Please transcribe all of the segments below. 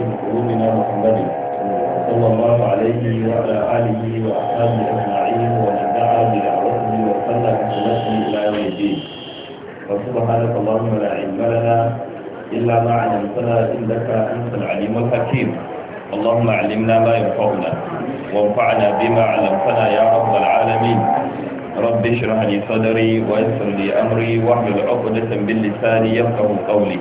سيد قلوبنا محمد صلى الله عليه وعلى آله وأصحابه أجمعين ومن دعا بدعوته وصلى بسنته إلى يوم الدين وسبحانك اللهم لا علم لنا إلا ما علمتنا إنك أنت العليم الحكيم اللهم علمنا ما ينفعنا وانفعنا بما علمتنا يا رب العالمين رب اشرح لي صدري ويسر لي أمري واحلل عقدة من لساني يفقه قولي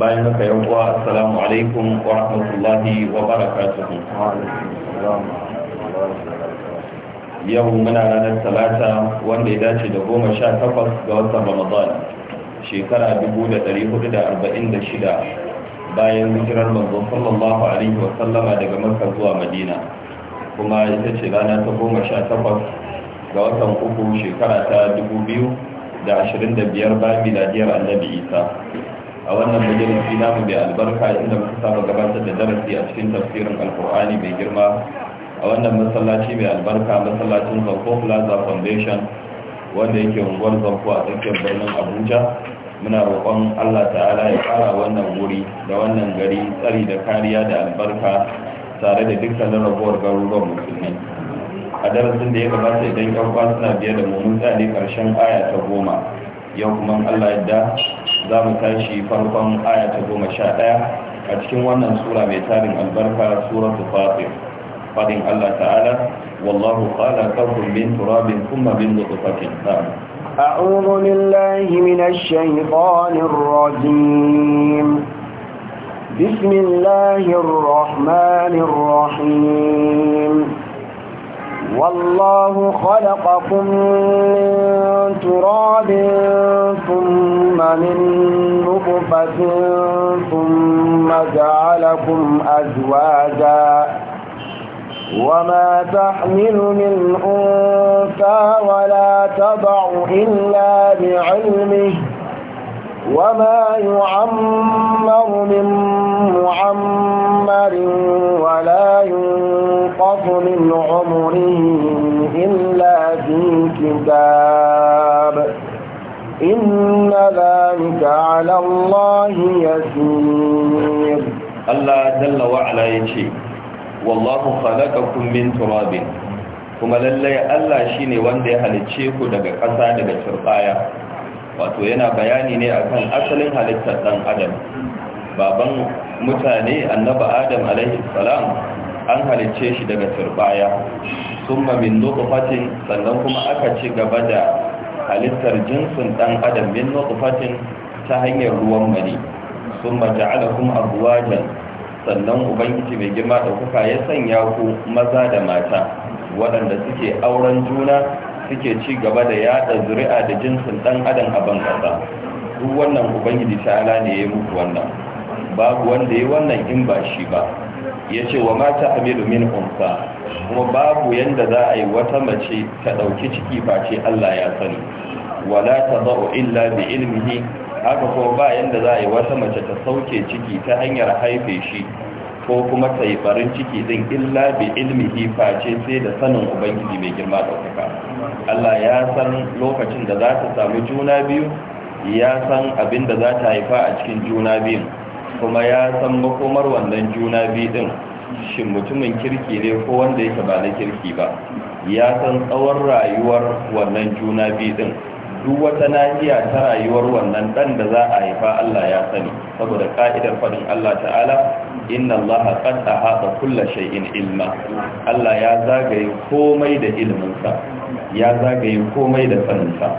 bayan haka yan uwa assalamu alaikum wa rahmatullahi wa barakatuhu yau muna ranar talata wanda ya dace da goma sha takwas ga watan ramadan shekara dubu da hudu da arba'in da shida bayan hijirar manzo sallallahu alaihi wa sallama daga makka zuwa madina kuma ita ce rana ta goma sha takwas ga watan uku shekara ta dubu biyu da ashirin da ashirin biyar bayan miladiyar annabi isa a wannan na namu mai albarka inda muka saba gabatar da darasi a cikin tafsirin alkur'ani mai girma a wannan masallaci mai albarka masallacin zanko plaza foundation wanda yake unguwar zanko a tsakiyar birnin abuja muna roƙon allah ta'ala ya fara wannan guri da wannan gari tsari da kariya da albarka tare da dukkanin rabuwar garuruwan musulmi a darasin da ya gabata idan yan suna biye da mu tsari ƙarshen aya ta goma yau kuma Allah yadda za mu tashi farkon aya ta goma sha ɗaya a cikin wannan sura mai tarin albarka sura ta fafi fadin Allah ta'ala wallahu khalaqakum min turabin thumma min nutfatin أعوذ بالله من الشيطان الرجيم بسم الله الرحمن الرحيم والله خلقكم من تراب ثم من نطفة ثم جعلكم أزواجا وما تحمل من أنثى ولا تضع إلا بعلمه وما يعمر من معمر ولا ينفع يؤخذ من عمره إلا في كتاب إن ذلك على الله يسير الله جل وعلا يشي والله خلقكم من تراب kuma lallai Allah shine wanda ya halicce ku daga ƙasa daga turbaya wato yana bayani ne akan asalin halittar ɗan adam baban mutane annaba adam alaihi salam an halicce shi daga turbaya sun min nukufatin sannan kuma aka ci gaba da halittar jinsin dan adam min nukufatin ta hanyar ruwan mani sun maja'ala kuma abuwajen sannan ubangiji mai girma kuka ya sanya ku maza da mata waɗanda suke auren juna suke ci gaba da yada zuri'a da jinsin dan adam a ban duk wannan ubangiji ta'ala ne ya yi muku wannan babu wanda ya wannan in ba shi ba ya ce wa mata amiru min unsa kuma babu yadda za a yi wata mace ta ɗauki ciki face Allah ya sani wala ta za'u illa bi ilmihi haka kuma ba yanda za a yi wata mace ta sauke ciki ta hanyar haife shi ko kuma ta yi barin ciki din illa bi ilmihi face sai da sanin ubangiji mai girma ɗaukaka Allah ya san lokacin da za ta samu juna biyu ya san abin da za ta haifa a cikin juna biyu kuma ya san makomar wannan juna biyu din shin mutumin kirki ne ko wanda yake ba na kirki ba ya san tsawon rayuwar wannan juna biyu duk wata nahiya ta rayuwar wannan dan da za a haifa Allah ya sani saboda ka'idar fadin Allah ta'ala inna Allah qad ahata kulla shay'in ilma Allah ya zagaye komai da ilimin sa ya zagaye komai da sanin sa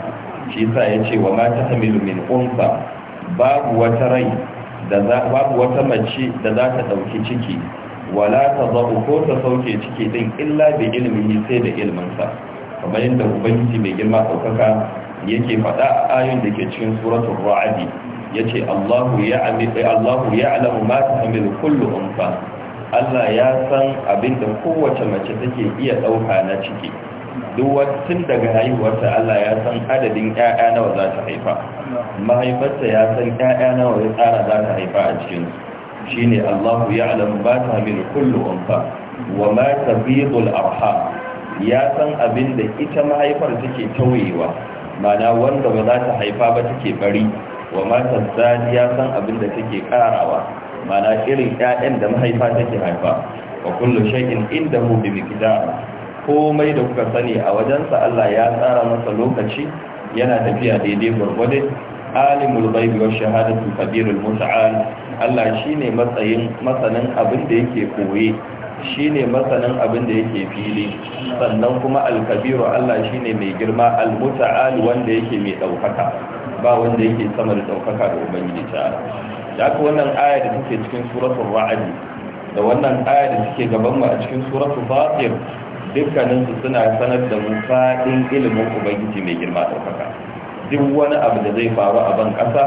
shi yasa yace wa ma tahmilu min unsa babu wata rai babu wata mace da za ta ɗauki ciki wala ta zaɓu ko ta sauke ciki ɗin illa da ilimi sai da ilminsa kamar yadda ubangiji mai girma ɗaukaka yake faɗa a ayon da ke cikin suratun ra'adi ya ce eh, allahu ya alamu ma ta hamilu kullu umfa allah ya san abin da kowace mace take iya ɗauka na ciki duk wacin daga haihuwarta Allah ya san adadin ƴaƴa nawa za ta haifa mahaifarta ya san ƴaƴa nawa ya tsara za ta haifa a cikin shine Allahu ya'lamu ba ta min kullu unfa wa ma tabidu al-arham ya san abin da ita mahaifar take tawayewa mana wanda ba za ta haifa ba take bari wa ma tazzani ya san abin da take karawa mana irin ƴaƴan da mahaifa take haifa wa kullu shay'in indahu bi miqdar komai da kuka sani a wajensa Allah ya tsara masa lokaci yana tafiya daidai gwargwade alimul ghaibi wa shahadatu kabirul muta'al Allah shine matsayin masanin abin da yake koye shine masanin abin da yake fili sannan kuma al-kabiru Allah shine mai girma al-muta'al wanda yake mai daukaka ba wanda yake sama da daukaka da ubangiji ta da wannan aya da take cikin suratul ra'd da wannan aya da take gaban mu a cikin suratul fatir dukkaninsu suna sanar da mu faɗin ilimin ubangiji mai girma ɗaukaka duk wani abu da zai faru a ban ƙasa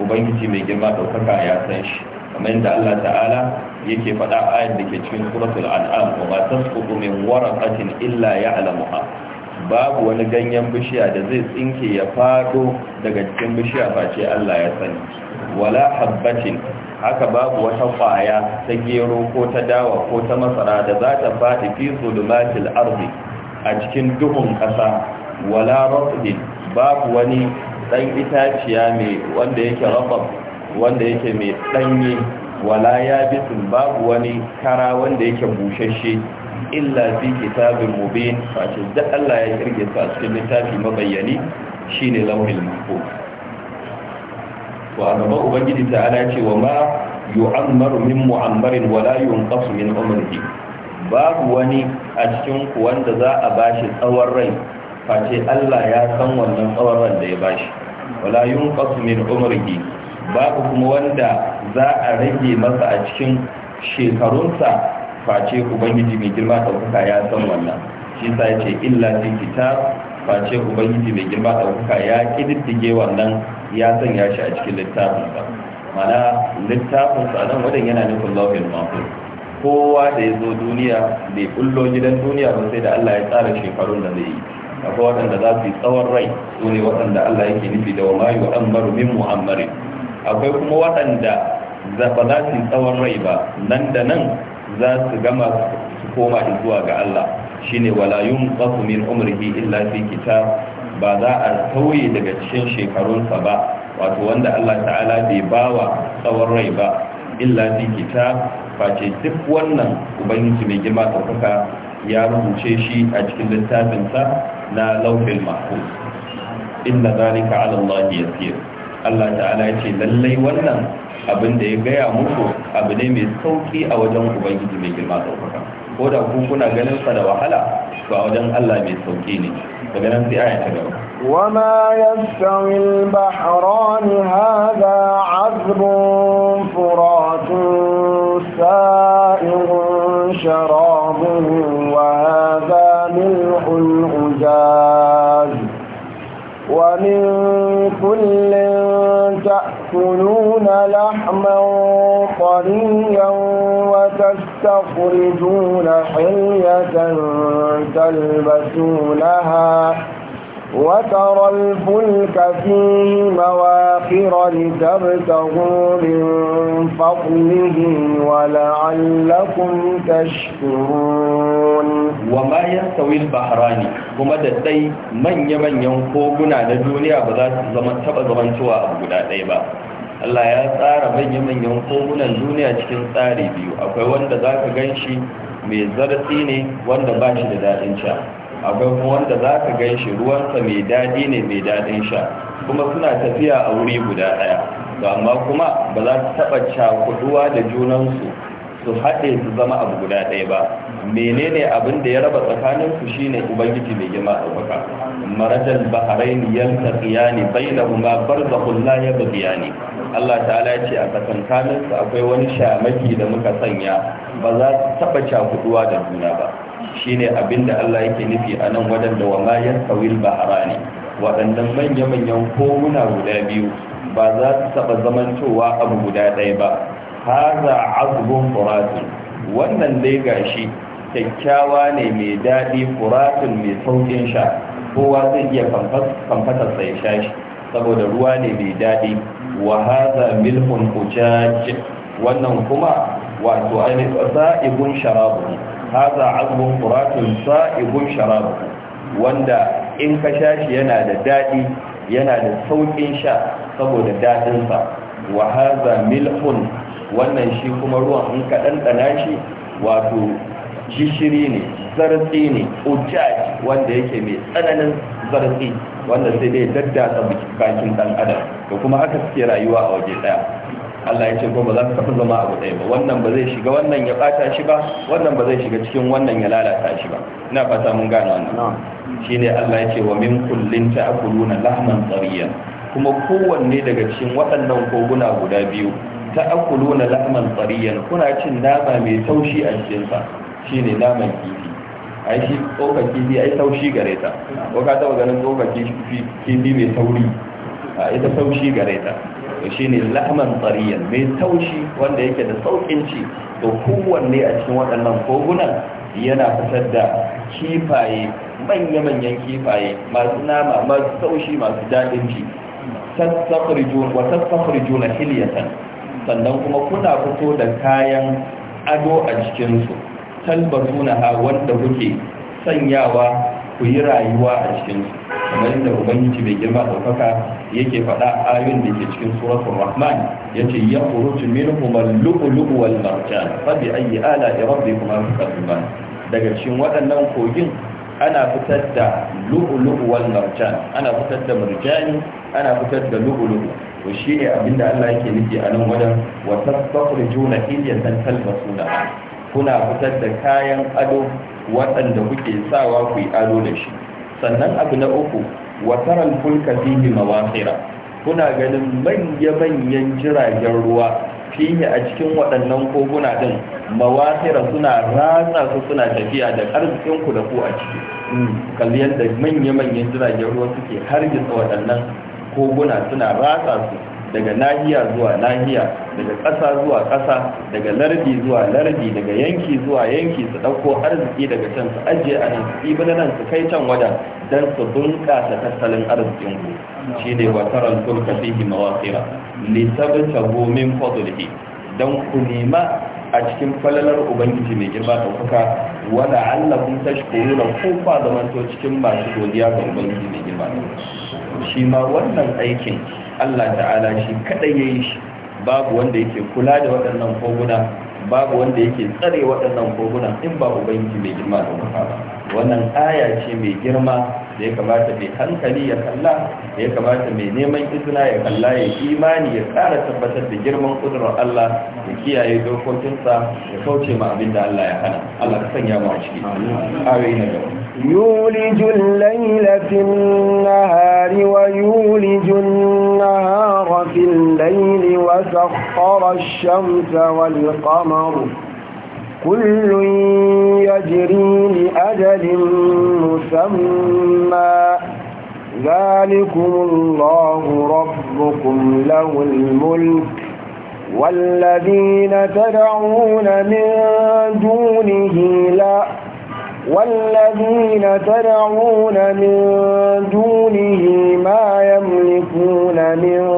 ubangiji mai girma ɗaukaka ya san shi kamar yadda Allah ta'ala yake faɗa ayar da ke cikin suratul an'am wa ma tasqutu min waraqatin illa ya'lamuha babu wani ganyen bishiya da zai tsinke ya faɗo daga cikin bishiya face Allah ya sani wala habbatin haka babu wata kwaya ta gero ko ta dawa ko ta masara da za ta faɗi fi zulumatil a cikin duhun ƙasa wala rafdin babu wani ɗan itaciya mai wanda yake rabab wanda yake mai ɗanye wala yabisin babu wani kara wanda yake bushashe illa fi kitabin mubin face da Allah ya kirge su a cikin littafi mabayyani shine lauhil mahfuz to a gaba ubangiji ta ala ce wa ma yu'ammaru min mu'ammarin wa la yunqasu min umrihi babu wani a cikin ku wanda za a bashi tsawon rai face Allah ya san wannan tsawon ran da ya bashi shi. yunqasu min umrihi babu kuma wanda za a rage masa a cikin shekarunsa face ubangiji mai girma ɗaukaka ya san wannan shi sa yace illa fi kitab face ubangiji mai girma ɗaukaka ya ƙididdige wannan ya sanya shi a cikin littafinsa mana littafinsa nan wadan yana nufin lafiyar mafi kowa da ya zo duniya bai kullo gidan duniya ba sai da allah ya tsara shekarun da zai yi akwai waɗanda za su yi tsawon rai su ne waɗanda allah yake nufi da wa mayu ammaru min mu'ammarin akwai kuma waɗanda ba za su yi tsawon rai ba nan da nan za su gama su koma zuwa ga allah shine walayun yunqasu min umrihi illa fi kitab ba za a tauye daga cikin shekarunsa ba wato wanda Allah ta'ala bai bawa tsawon rai ba illa fi kitab face duk wannan ubangiji mai girma ɗaukaka ya rubuce shi a cikin littafinsa na laufin mahfuz inna zalika ala Allah yasir Allah ta'ala ya ce lallai wannan abin da ya gaya muku abu ne mai sauki a wajen ubangiji mai girma ɗaukaka ko da ku kuna ganin sa da wahala to a wajen Allah mai sauki ne daga nan sai aya ta gaba wama yastawi al-bahran hadha 'azbun furatun sa'irun sharabun wa hadha milhun ujaz wa min kullin ta'kuluna lahman طريا تخرجون حلية تلبسونها وترى الفلك فيه مواخر لتبتغوا من فضله ولعلكم تشكرون وما يستوي البحراني كما تدعي من يمن ينفوقنا لدنيا بذات زمن تبا زمن سواء أبو Allah ya tsara manya-manyan kogunan duniya cikin tsari biyu akwai wanda za ka gan shi mai zartsi ne wanda ba shi da daɗin sha akwai kuma wanda za ka gan shi ruwansa mai daɗi ne mai daɗin sha kuma suna tafiya a wuri guda ɗaya amma kuma ba za su taɓa cakuduwa da junansu su haɗe su zama abu guda ɗaya ba menene abin da ya raba tsakaninsu shine ubangiji mai girma ɗaukaka marajal bahrain yaltaqiyani bainahuma barzakhun la yabghiyani Allah ta'ala ce a su akwai wani shamaki da muka sanya ba za su taba cakuduwa da juna ba shine abinda Allah yake nufi a nan waɗanda wa ma a rani waɗannan manya-manyan koguna guda biyu ba za su taɓa zamantowa abu guda ɗaya ba haza azubun furatun wannan dai ga shi. kyakkyawa ne mai daɗi furatun mai saukin sha kowa zai iya kamfatarsa ya sha shi saboda ruwa ne mai daɗi wa hadha milhun hujaj wannan kuma wato ainihin sa'ibun sharabu haza azbun furatun sa'ibun sharabu wanda in ka shashi yana da daɗi yana da sauƙin sha saboda dadinsa wa hadha milhun wannan shi kuma ruwan in ka dandana shi wato gishiri ne zartsi ne ujaj wanda yake mai tsananin zarfi wanda sai dai daddasa bakin dan adam da kuma aka suke rayuwa a waje daya Allah ya ce ko ba za ka taɓa zama abu ɗaya ba wannan ba zai shiga wannan ya ɓata shi ba wannan ba zai shiga cikin wannan ya lalata shi ba ina fata mun gane wannan shine Allah ya ce wa min kullin ta'kuluna lahman tariyan kuma kowanne daga cikin waɗannan koguna guda biyu ta ta'kuluna lahman tariyan kuna cin nama mai taushi a cikinsa shi ne naman kifi ai tsoka kifi ai taushi gare ta ko ka taba ganin tsoka kifi mai tauri a ita taushi gare ta to ne lahman tsariyar mai taushi wanda yake da saukin ci to kowanne a cikin waɗannan kogunan yana fitar da kifaye manya-manyan kifaye masu nama masu taushi masu daɗin ci wata hiliyatan sannan kuma kuna fito da kayan ado a cikinsu talbasunaha wanda kuke sanyawa ku yi rayuwa a cikin kamar yadda ubangiji mai girma ɗaukaka yake faɗa ayoyin da ke cikin suratul rahman yace yakhruju minhum al-lu'lu'u wal marjan fa bi ayyi ala'i rabbikum tukazziban daga cikin waɗannan kogin ana fitar da lu'lu'u wal marjan ana fitar da marjani ana fitar da lu'lu'u to shine abinda Allah yake nufi a nan wajen wa tasbaqu juna hiyatan talbasuna kuna fitar da kayan ado waɗanda kuke sawa ku yi ado da shi sannan abu na uku wataran fulka fiye mawasira kuna ganin manya-manyan jiragen ruwa fiye a cikin waɗannan koguna din mawasira suna ratsa su suna tafiya da arzikinku da ku a ciki hmm, kalli yadda manya-manyan jiragen ruwa suke hargitsa waɗannan koguna suna rasa su daga nahiya zuwa nahiya daga ƙasa zuwa ƙasa daga lardi zuwa lardi daga yanki zuwa yanki su ɗauko arziki daga can su ajiye a nan su nan su kai can wajen don su bunƙasa tattalin arzikin ku shi ne wa taron turka fihi mawaƙira lisabta gomin fadulhi don ku nema a cikin falalar ubangiji mai girma da kuka wala allakun tashkuruna ku fa zamanto cikin masu godiya ga ubangiji mai girma da shi ma wannan aikin Allah ta'ala shi kadai yi shi babu wanda yake kula da waɗannan koguna babu wanda yake tsare waɗannan koguna in ba ubangiji mai girma da wuka ba wannan aya ce mai girma da ya kamata mai hankali ya kalla da ya kamata mai neman izina ya kalla ya imani ya ƙara tabbatar da girman kudurar Allah ya kiyaye dokokinsa ya kauce ma abin da Allah ya hana Allah ka sanya mu a ciki ayoyi na gaba يولج الليل في النهار ويولج النهار في الليل وسخر الشمس والقمر كل يجري لأجل مسمى ذلكم الله ربكم له الملك والذين تدعون من دونه لا والذين تدعون من دونه ما يملكون من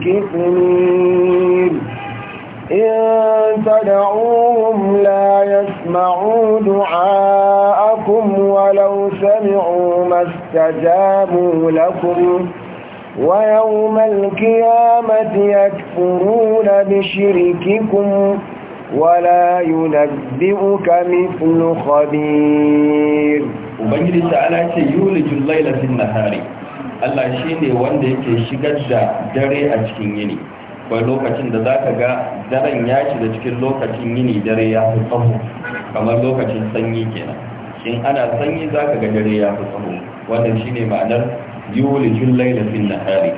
كثير إن تدعوهم لا يسمعوا دعاءكم ولو سمعوا ما استجابوا لكم ويوم القيامة يكفرون بشرككم ولا ينبئك مثل خبير ubangiji ta'ala ce yulijul laila fil nahari Allah ne wanda yake shigar da dare a cikin yini akwai lokacin da zaka ga daren ya shiga cikin lokacin yini dare ya fi tsaho kamar lokacin sanyi kenan shin ana sanyi zaka ga dare ya fi tsaho wannan shine ma'anar yulijul laila fil nahari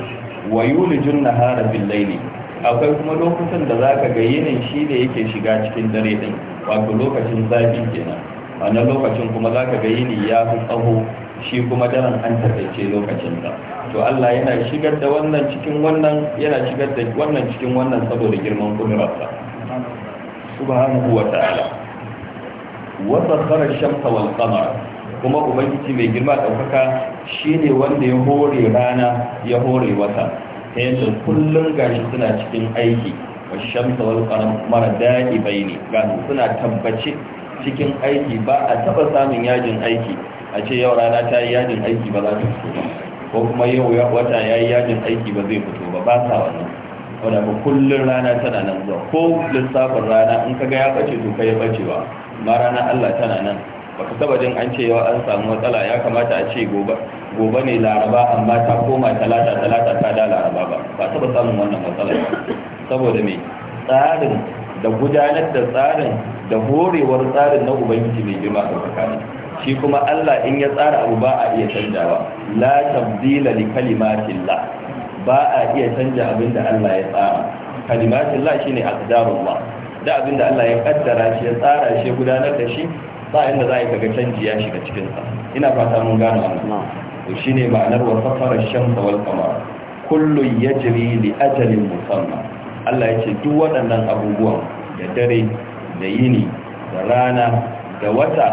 wa yulijul nahara fil laili akwai kuma lokacin da za ka ga yinin shi da yake shiga cikin dare din wato lokacin zafi kenan wannan lokacin kuma za ka ga yini ya fi tsaho shi kuma daren an taƙaice lokacin da to Allah yana shigar da wannan cikin wannan yana shigar da wannan cikin wannan saboda girman kudurarsa subhanahu wa ta'ala wa sakhara shamsa wal qamara kuma ubangiji mai girma daukaka shine wanda ya hore rana ya hore wata ta yadda kullum gashi suna cikin aiki wa shamsa wal qalam mara da'i baini ga suna tabbace cikin aiki ba a taba samun yajin aiki a ce yau rana ta yi yajin aiki ba za ta fito ba ko kuma yau wata ya yi yajin aiki ba zai fito ba ba sa wannan wadda ba kullum rana tana nan zuwa ko lissafin rana in ka ga ya bace to ka yi bacewa ma rana Allah tana nan baka taba jin an cewa an samu matsala ya kamata a ce gobe gobe ne laraba amma ta koma talata talata ta da laraba ba ba taba samun wannan matsala saboda me tsarin da gudanar da tsarin da horewar tsarin na ubangiji mai girma da tsakanin shi kuma Allah in ya tsara abu ba a iya canjawa la tabdila li la. ba a iya canja abin da Allah ya tsara kalimatillah shine aqdarullah da abin da Allah ya kaddara shi ya tsara shi gudanar da shi ba inda za a yi kaga canji ya shiga cikinsa ina fata mun gano wannan to shine ma'anar wa safara shamsa wal qamar kullu yajri li ajalin musamma Allah ya ce duk waɗannan abubuwan da dare da yini da rana da wata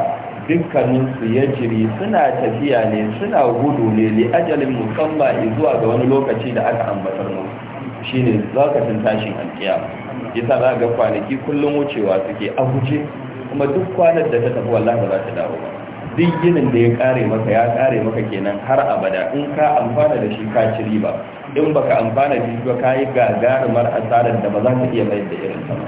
dukkaninsu ya jiri suna tafiya ne suna gudu ne li ajalin musamman zuwa ga wani lokaci da aka ambatar mu shine lokacin tashin alkiyama yasa za ga kwanaki kullum wucewa suke a guje kuma duk kwanar da ta tafi wallahi ba za ta dawo ba duk ginin da ya kare maka ya kare maka kenan har abada in ka amfana da shi ka ci riba in baka amfana da shi ba ka yi gagarumar asarar da ba za ka iya mayar da irin sama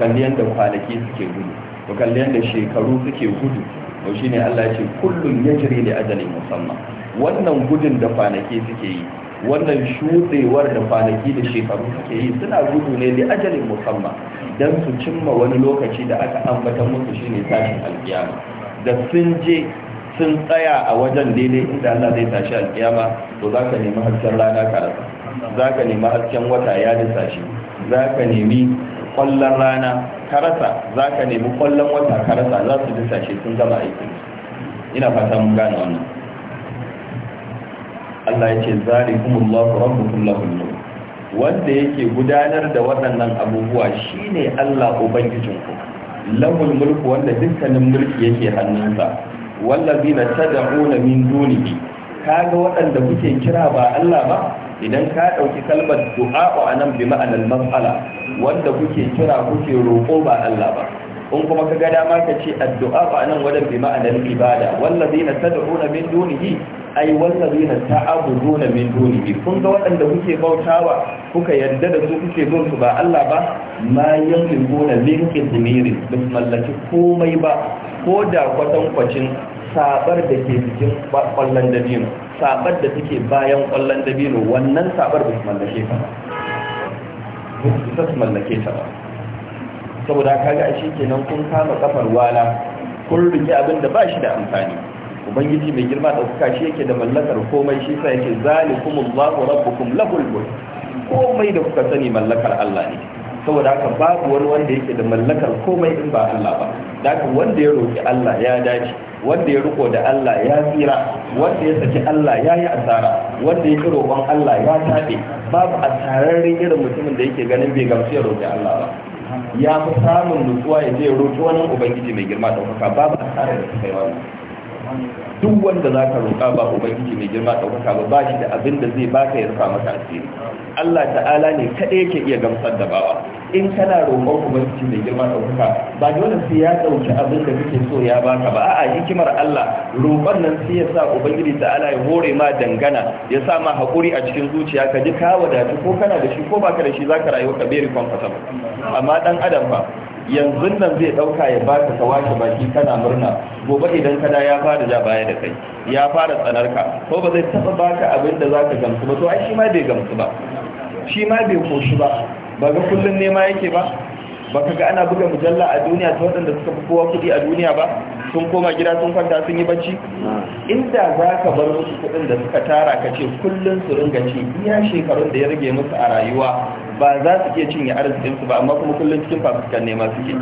kalli yadda kwanaki suke gudu to kalli yadda shekaru suke gudu to shine Allah ce kullun yajri li ajalin musamman wannan gudun da kwanaki suke yi wannan shudewar da kwanaki da shekaru suke yi suna gudu ne da ajalin musamman don su cimma wani lokaci da aka ambata musu shine tashin alkiyama da sun je sun tsaya a wajen daidai inda Allah zai tashi alkiyama to za ka nemi hasken rana ka rasa za ka nemi hasken wata ya da shi za ka nemi kwallon rana ka rasa za ka nemi kwallon wata ka rasa za su nisa shi sun gama aikin ina fata mun gane wannan Allah ya ce zalikumullahu rabbukum lahu mulk wanda yake gudanar da waɗannan abubuwa shine Allah ubangijinku lahul mulku wanda dukkanin mulki yake hannunsa wallazina tad'una min dunihi kaga waɗanda kuke kira ba Allah ba idan ka ɗauki kalmar du'a wa nan bi ma'anar mas'ala wanda kuke kira kuke roƙo ba Allah ba in kuma ka ga dama ka ce addu'a a nan wajen bi ma'anar ibada wallazina tad'una min dunihi ai wallazina ta'buduna min dunihi kun ga waɗanda kuke bautawa kuka yarda da su kuke bin su ba Allah ba ma yamlikuna min qismirin bis mallaki komai ba ko da kwatan kwacin sabar da ke cikin kwallon dabino sabar da take bayan kwallon dabino wannan sabar bis mallake ta ba su mallake ta ba saboda kaga shi kenan kun kama kafar wala kun rike abin da ba shi da amfani ubangiji mai girma ɗaukaka shi yake da mallakar komai shi sa yake zalikumullahu rabbukum lahul mulk komai da kuka sani mallakar Allah ne saboda haka babu wani wanda yake da mallakar komai in ba Allah ba daga wanda ya roki Allah ya dace wanda ya riko da Allah ya tsira wanda ya saki Allah ya yi asara wanda ya roƙon Allah ya taɓe babu asararren irin mutumin da yake ganin bai gamsu ya roki Allah ba ya fi samun nutsuwa ya je ya roki wani ubangiji mai girma kuka. babu asarar da suka wannan duk wanda za ka roƙa ba ubangiji mai girma ɗaukaka ba ba shi da abin da zai baka ya rufa maka asiri Allah ta'ala ne kaɗai yake iya gamsar da bawa in kana roƙon ubangiji mai girma ɗaukaka ba dole sai ya ɗauki abin da kake so ya baka ba a'a hikimar Allah roƙon nan sai ya sa ubangiji ta'ala ya hore ma dangana ya sa ma haƙuri a cikin zuciya ka ji ka wadatu ko kana da shi ko baka da shi zaka rayu ka beri comfortable amma dan adam ba yanzu nan zai dauka ya ba ka washe baki kana murna gobe idan kada ya fara ja baya da kai ya fara tsanar ka ko ba zai taba baka abin da zaka gamsu ba to ai shi ma bai gamsu ba shi ma bai koshi ba ba ga kullun nema yake ba ba ka ga ana buga mujalla a duniya ta waɗanda suka fi kowa kuɗi a duniya ba sun koma gida sun kwanta sun yi bacci inda za ka bar musu kuɗin da suka tara ka ce kullum su ringa ci iya shekarun da ya rage musu a rayuwa ba za su iya cinye arzikinsu ba amma kuma kullum cikin fafukan nema suke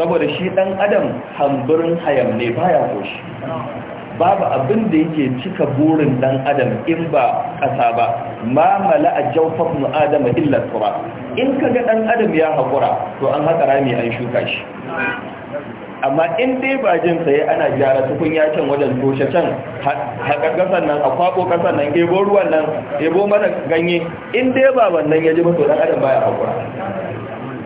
saboda shi ɗan adam hamburin hayam ne baya koshi babu abin da yake cika burin dan adam in ba ƙasa ba ma a jaufa mu adama illa tura in kaga dan adam ya haƙura to an haƙa rami an shuka shi amma in dai ba jin sai ana gyara tukunya can wajen toshe can haƙar ƙasar nan a kwaɓo ƙasar nan ebo ruwan nan ebo mana ganye in dai ba wannan ya ji to dan adam ba ya haƙura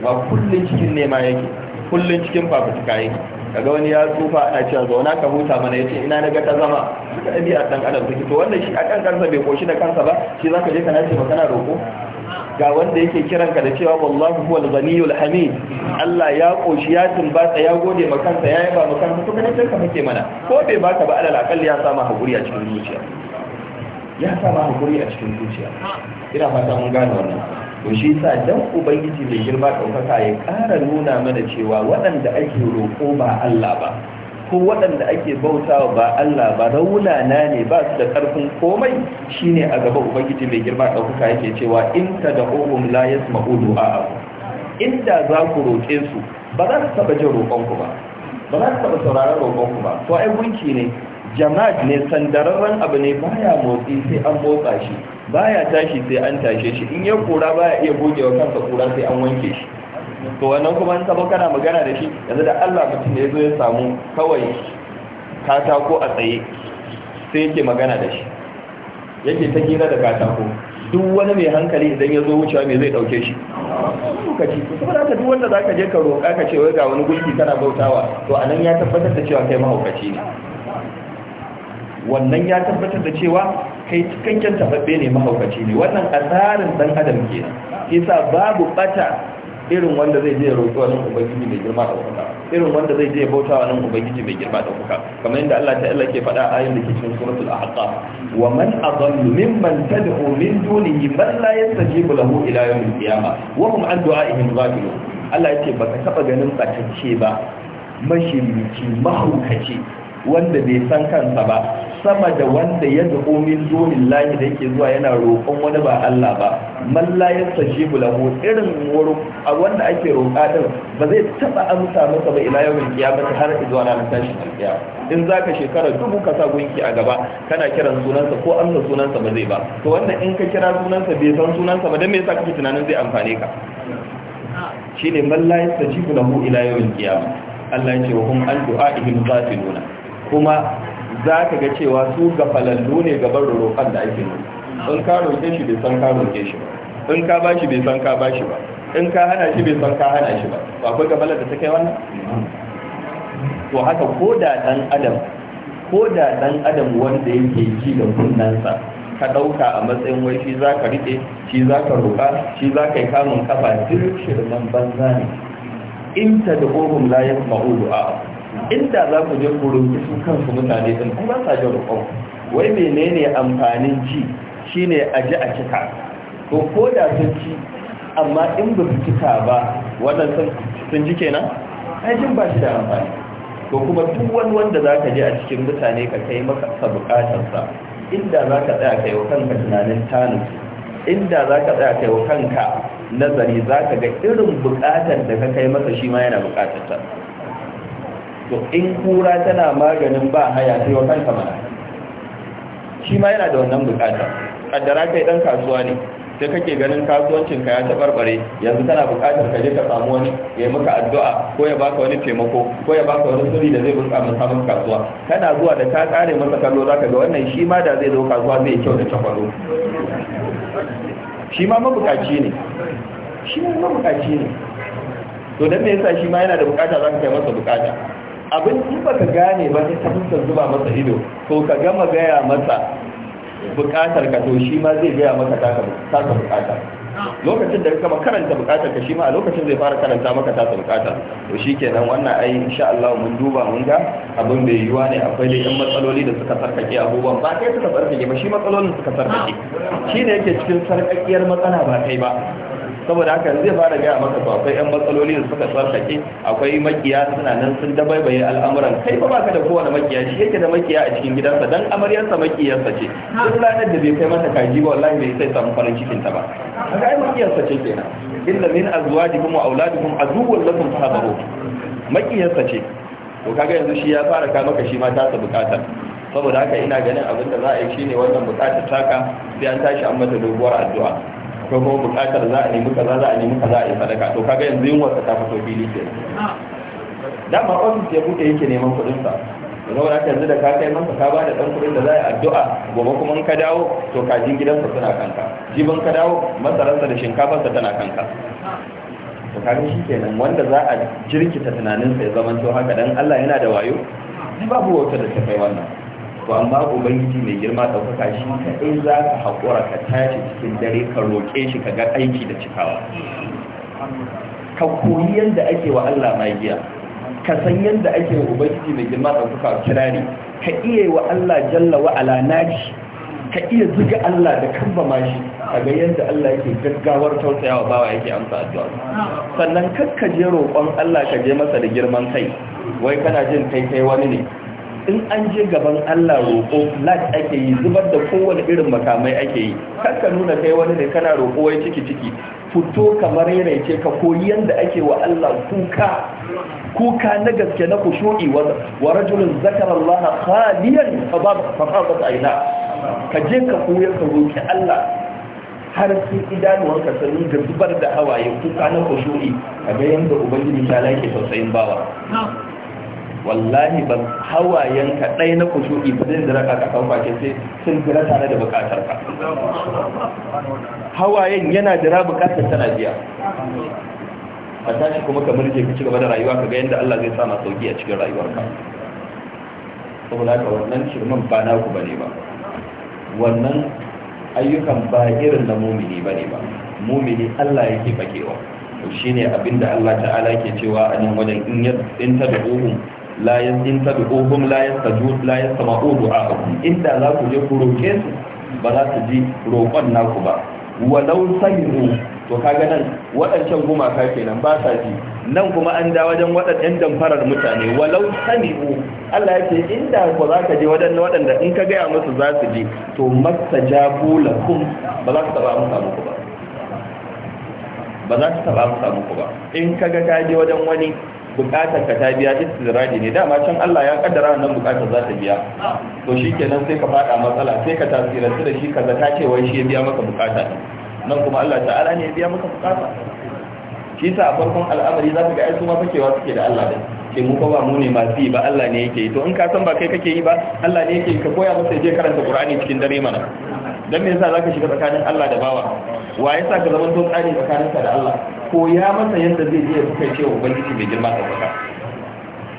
ba kullum cikin nema yake kullum cikin fafutuka yake kaga wani ya tsufa ana cewa zauna ka huta mana yace ina na ga ta zama suka ɗabi'a ɗan adam take to wannan shi a kan kansa bai koshi da kansa ba shi zaka je kana ce ba kana roƙo ga wanda yake kiran ka da cewa wallahu huwal ghaniyul hamid Allah ya koshi ya tumbatsa ya gode ma kansa ya yaba ma kansa to kana ka kake mana ko bai baka ba alal akalli ya ma hakuri a cikin zuciya ya ma hakuri a cikin zuciya ina fata mun gane wannan to shi sa dan ubangiji mai girma ɗaukaka ya ƙara nuna mana cewa waɗanda ake roƙo ba Allah ba ko waɗanda ake bautawa ba Allah ba raunana ne ba su da ƙarfin komai shine a gaba ubangiji mai girma ɗaukaka yake cewa in ta da ohun la a abu inda za ku roƙe su ba za su taɓa jin roƙonku ba ba za su taɓa sauraron roƙonku ba to ai gunki ne jama'at ne sandararren abu ne baya motsi sai an motsa shi baya tashi sai an tashe shi in ya kura baya iya gogewa kansa kura sai an wanke shi to wannan kuma an saba kana magana da shi yanzu da Allah mutum ne zo samu kawai katako a tsaye sai yake magana da shi yake ta hira da katako duk wani mai hankali idan ya zo wucewa mai zai dauke shi lokaci kuma da duk wanda zaka je ka roƙa ka ce wai ga wani gurki kana bautawa to anan ya tabbatar da cewa kai mahaukaci ne wannan ya tabbatar da cewa kai cikakken tababbe ne mahaukaci ne wannan asarin dan adam Ke yasa babu bata irin wanda zai je roƙo wannan ubangiji mai girma da kuka irin wanda zai je bauta wannan ubangiji mai girma da kuka kamar yadda Allah ta'ala ke faɗa a ayatul da suratul ahqa wa man adallu mimman tad'u min dunihi man la yastajibu lahu ila yawmil qiyamah wa hum an du'a'ihim ghafilun Allah yake baka taba ganin batacce ba mashirici mahaukaci wanda bai san kansa ba sama da wanda ya zuɓo min domin lahi da yake zuwa yana roƙon wani ba Allah ba malla ya sashi bulahu irin wuri a wanda ake roƙa din ba zai taɓa amsa masa ba ila yawmin kiyamata har zuwa na tashi alƙiyama in zaka shekara dubu ka sa gunki a gaba kana kiran sunansa ko amsa sunansa ba zai ba to wannan in ka kira sunansa bai san sunansa ba dan me yasa kake tunanin zai amfane ka shine malla ya sashi bulahu ila yawon kiyama Allah ya ce wa hum an du'a'ihim nuna. kuma za ka ga cewa su gafalallu ne gaban roƙon da ake nuna in ka roƙe shi bai san ka roƙe shi ba in ka ba shi bai san ka ba shi ba in ka hana shi bai san ka hana shi ba To akwai gabala da ta kai wannan to haka ko da dan adam ko da dan adam wanda yake ji da kunnansa ka ɗauka a matsayin wai shi za ka riƙe shi za ka roƙa shi za ka yi kamun kafa duk shirman banza ne in ta da ohun layan ma'udu'a inda za ku je ku roƙi su kansu mutane din kuma sa ji rukun wai menene amfanin ci shine a ji a cika ko ko da sun ci amma in ba su cika ba wannan sun ji kenan aikin ba shi da amfani ko kuma duk wani wanda za ka je a cikin mutane ka kai maka ka sa inda za ka tsaya kai wa kanka tunanin tanin inda za ka tsaya kai wa kanka nazari za ka ga irin bukatar da ka kai masa shi ma yana bukatar ta to in kura tana maganin ba haya sai wa kanka mana shi ma yana da wannan bukata kaddara kai dan kasuwa ne sai kake ganin kasuwancin ka ya tabarbare yanzu kana bukatar ka je ka samu wani ya yi maka addu'a ko ya baka wani taimako ko ya baka wani sirri da zai bunka mun samun kasuwa kana zuwa da ka kare masa kallo zaka ga wannan shi ma da zai zo kasuwa zai kyau da takwaro shi ma mabukaci ne shi ma mabukaci ne to dan me yasa shi ma yana da bukata zaka kai masa bukata abin ba ka gane ba sai ta fuskar zuba masa ido to ka gama gaya masa bukatar ka to shi ma zai gaya maka taka taka bukata lokacin da kama karanta bukatar ka shi ma a lokacin zai fara karanta maka taka bukata to shi kenan, wannan ai insha Allah mun duba mun ga abin da yiwuwa ne akwai da yan matsaloli da suka sarkake abubuwan ba kai suka sarkake ba shi matsalolin suka sarkake shi ne yake cikin sarkakiyar matsala ba kai ba saboda haka zai fara gaya maka to akwai yan matsaloli da suka tsarkake akwai makiya suna nan sun dabaibaye al'amuran kai ba baka da kowane makiya shi yake da makiya a cikin gidansa dan amaryarsa makiyarsa ce duk ranar da bai kai mata kaji ba wallahi bai sai samu farin cikin ta ba kaga ai makiyarsa ce kenan illa min azwajikum wa auladikum aduwwan lakum fahdaru makiyarsa ce to kaga yanzu shi ya fara ka maka shi ma ta sa bukatar saboda haka ina ganin abinda za a yi shine wannan bukatar taka sai an tashi an mata doguwar addu'a ko kuma bukatar za a nemi kaza za a nemi kaza a yi sadaka to kaga yanzu yin wasa ta fito fili ke ma ofis ya buɗe yake neman kuɗin sa yanzu da yanzu da ka kai masa ka ba da ɗan kuɗin da za a yi addu'a gobe kuma in ka dawo to kajin gidansa suna kanka jibin ka dawo masararsa da shinkafarsa tana kanka to kaga shi kenan wanda za a jirkita tunaninsa ya zama to haka dan Allah yana da wayo babu wata da ta kai wannan to amma ubangiji mai girma ɗaukaka shi kaɗai za ka haƙura ka tashi cikin dare ka roƙe shi ka ga aiki da cikawa ka koyi yadda ake wa Allah magiya ka san yadda ake wa ubangiji mai girma ɗaukaka kirari ka iya wa Allah jalla wa ala naji ka iya zuga Allah da ma shi a ga yadda Allah yake gaggawar tausayawa bawa yake amsa addu'a sannan je roƙon Allah ka je masa da girman kai wai kana jin kai kai wani ne in an je gaban Allah roƙo lat ake yi zubar da kowane irin makamai ake yi kar ka nuna kai wani da kana roƙo wai ciki ciki fito kamar yana ce ka koyi yanda ake wa Allah kuka kuka na gaske na kushu'i wa rajulun zakara Allah khaliyan fa ba aina ka je ka koyi ka roƙi Allah har sai ka sun da zubar da hawaye kuka na kushu'i kaga yanda ubangiji ya lake tausayin bawa wallahi ban hawayen ka ɗaya na kushu'i ba zai zira ka kwashe sai sun jira tare da bukatar ka hawayen yana jira bukatar tana biya a tashi kuma ka murje ka ci gaba da rayuwa ka ga yadda Allah zai sa ma sauki a cikin rayuwarka saboda ka wannan shirman ba na ku bane ba wannan ayyukan ba irin na mumini bane ba mumini Allah yake bakewa to shine abinda Allah ta'ala ke cewa a nan wajen in ya in la in ta tad'uhum la yastajib la yasma'u du'a'akum inda za ku je ku roke su ba za su ji roƙon naku ba walau mu to kaga nan waɗancan gumaka kenan ba sa ji nan kuma an da wajen waɗannan damfarar mutane walau mu. Allah ya ce inda ku za ka je waɗannan waɗanda in ka gaya musu za su ji to mastajabu lakum ba za su taɓa amsa muku ba ba za su taɓa musa muku ba in ka ga ka je wajen wani bukatar ka ta biya istizradi ne dama can Allah ya kaddara wannan bukatar za ta biya to shikenan sai ka fada matsala sai ka tasirantu da shi kaza ta ce wai shi ya biya maka bukata nan kuma Allah ta'ala ne ya biya maka bukata shi sa a farkon al'amari za ka ga ai su ma fakewa suke da Allah da. Ke mu ba mu ne masu yi ba Allah ne yake yi to in ka san ba kai kake yi ba Allah ne yake yi ka koya masa je karanta Qur'ani cikin dare mana dan me yasa zaka shiga tsakanin Allah da bawa wa yasa ka zama to tsari tsakaninka da Allah ko ya masa yadda zai je ya kai cewa ubangiji mai girma ka tsaka.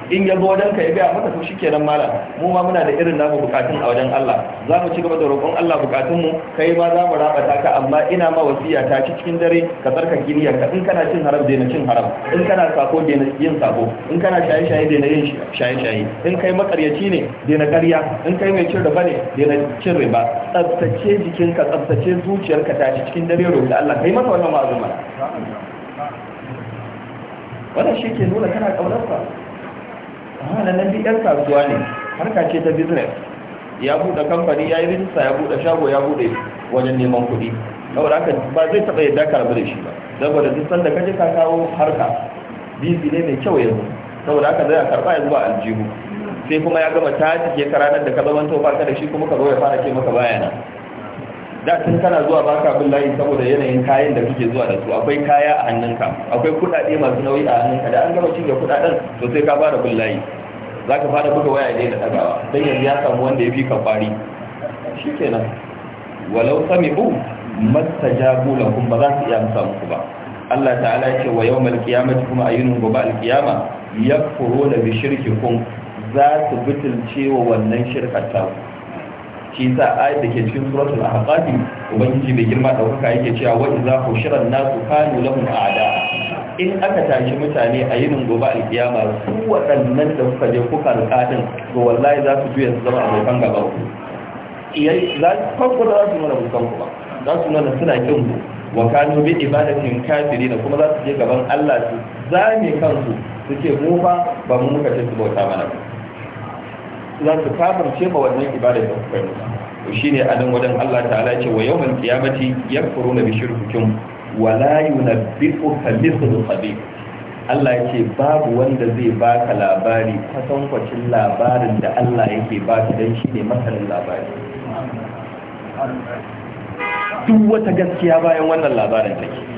in ya zo ka ya gaya maka to shikenan malam mu ma muna da irin namu bukatun a wajen Allah za mu ci gaba da roƙon Allah bukatun mu kai ma za mu rabata ka amma ina ma wasiya ta cikin dare ka tsarka kiniya ka in kana cin haram daina cin haram in kana sako daina yin sako in kana shaye shaye daina yin shaye shaye in kai makaryaci ne daina ƙarya in kai mai cin riba ne daina cin riba tsaftace jikinka tsaftace zuciyarka ta cikin dare roƙi Allah kai masa wannan ma'azuma wannan shi ke nuna kana ƙaunarsa amma na nan ɗan kasuwa ne harka ce ta business ya buɗe kamfani ya yi rijista ya buɗe shago ya buɗe wajen neman kuɗi saboda haka ba zai taɓa yadda ka rabu da shi ba saboda duk sanda kaje ka kawo harka bibi ne mai kyau yanzu saboda haka zai karɓa ya zuba aljihu sai kuma ya gama ta jike ka ranar da ka zama to ba ka da shi kuma ka zo ya fara ce maka bayana da tun kana zuwa baka bin layi saboda yanayin kayan da kake zuwa da su akwai kaya a hannunka akwai kuɗaɗe masu nauyi a hannunka da an gama da kuɗaɗen to sai ka fara bin layi za ka fara buga waya ne da ɗagawa don yanzu ya samu wanda ya fi ka ƙwari. shi kenan walau sami'u mastajabu lahum ba za su iya musa muku ba Allah ta'ala ya ce wa yau malkiyama ci kuma alkiyama gobe alqiyama da bishirki kun, za su butulce wa wannan shirkar ta shi yasa ayat da ke cikin suratul ahqaf ubangiji bai girma daukaka yake cewa wa idza hushira an-nasu kanu lahum a'da in aka tashi mutane a yinin gobe alkiyama su waɗannan da kuka je kuka rikatin to wallahi za su juya su zama abokan gaba ku iyai za su kanku da za su nuna abokan ku ba za su nuna suna kin ku wa kanu bi ibadatin kafiri da kuma za su je gaban Allah su zame kansu su ce mu fa ba mu muka ce su bauta mana ba za su kafirce ma wannan ibada da kuka yi to shine nan wajen Allah ta'ala ce wa yawmal qiyamati yakfuruna bi shirkikum wa la yunabbi'uka da khabir Allah ya ce babu wanda zai baka labari kwatankwacin labarin da Allah yake baka dan shi ne masanin labari duk wata gaskiya bayan wannan labarin take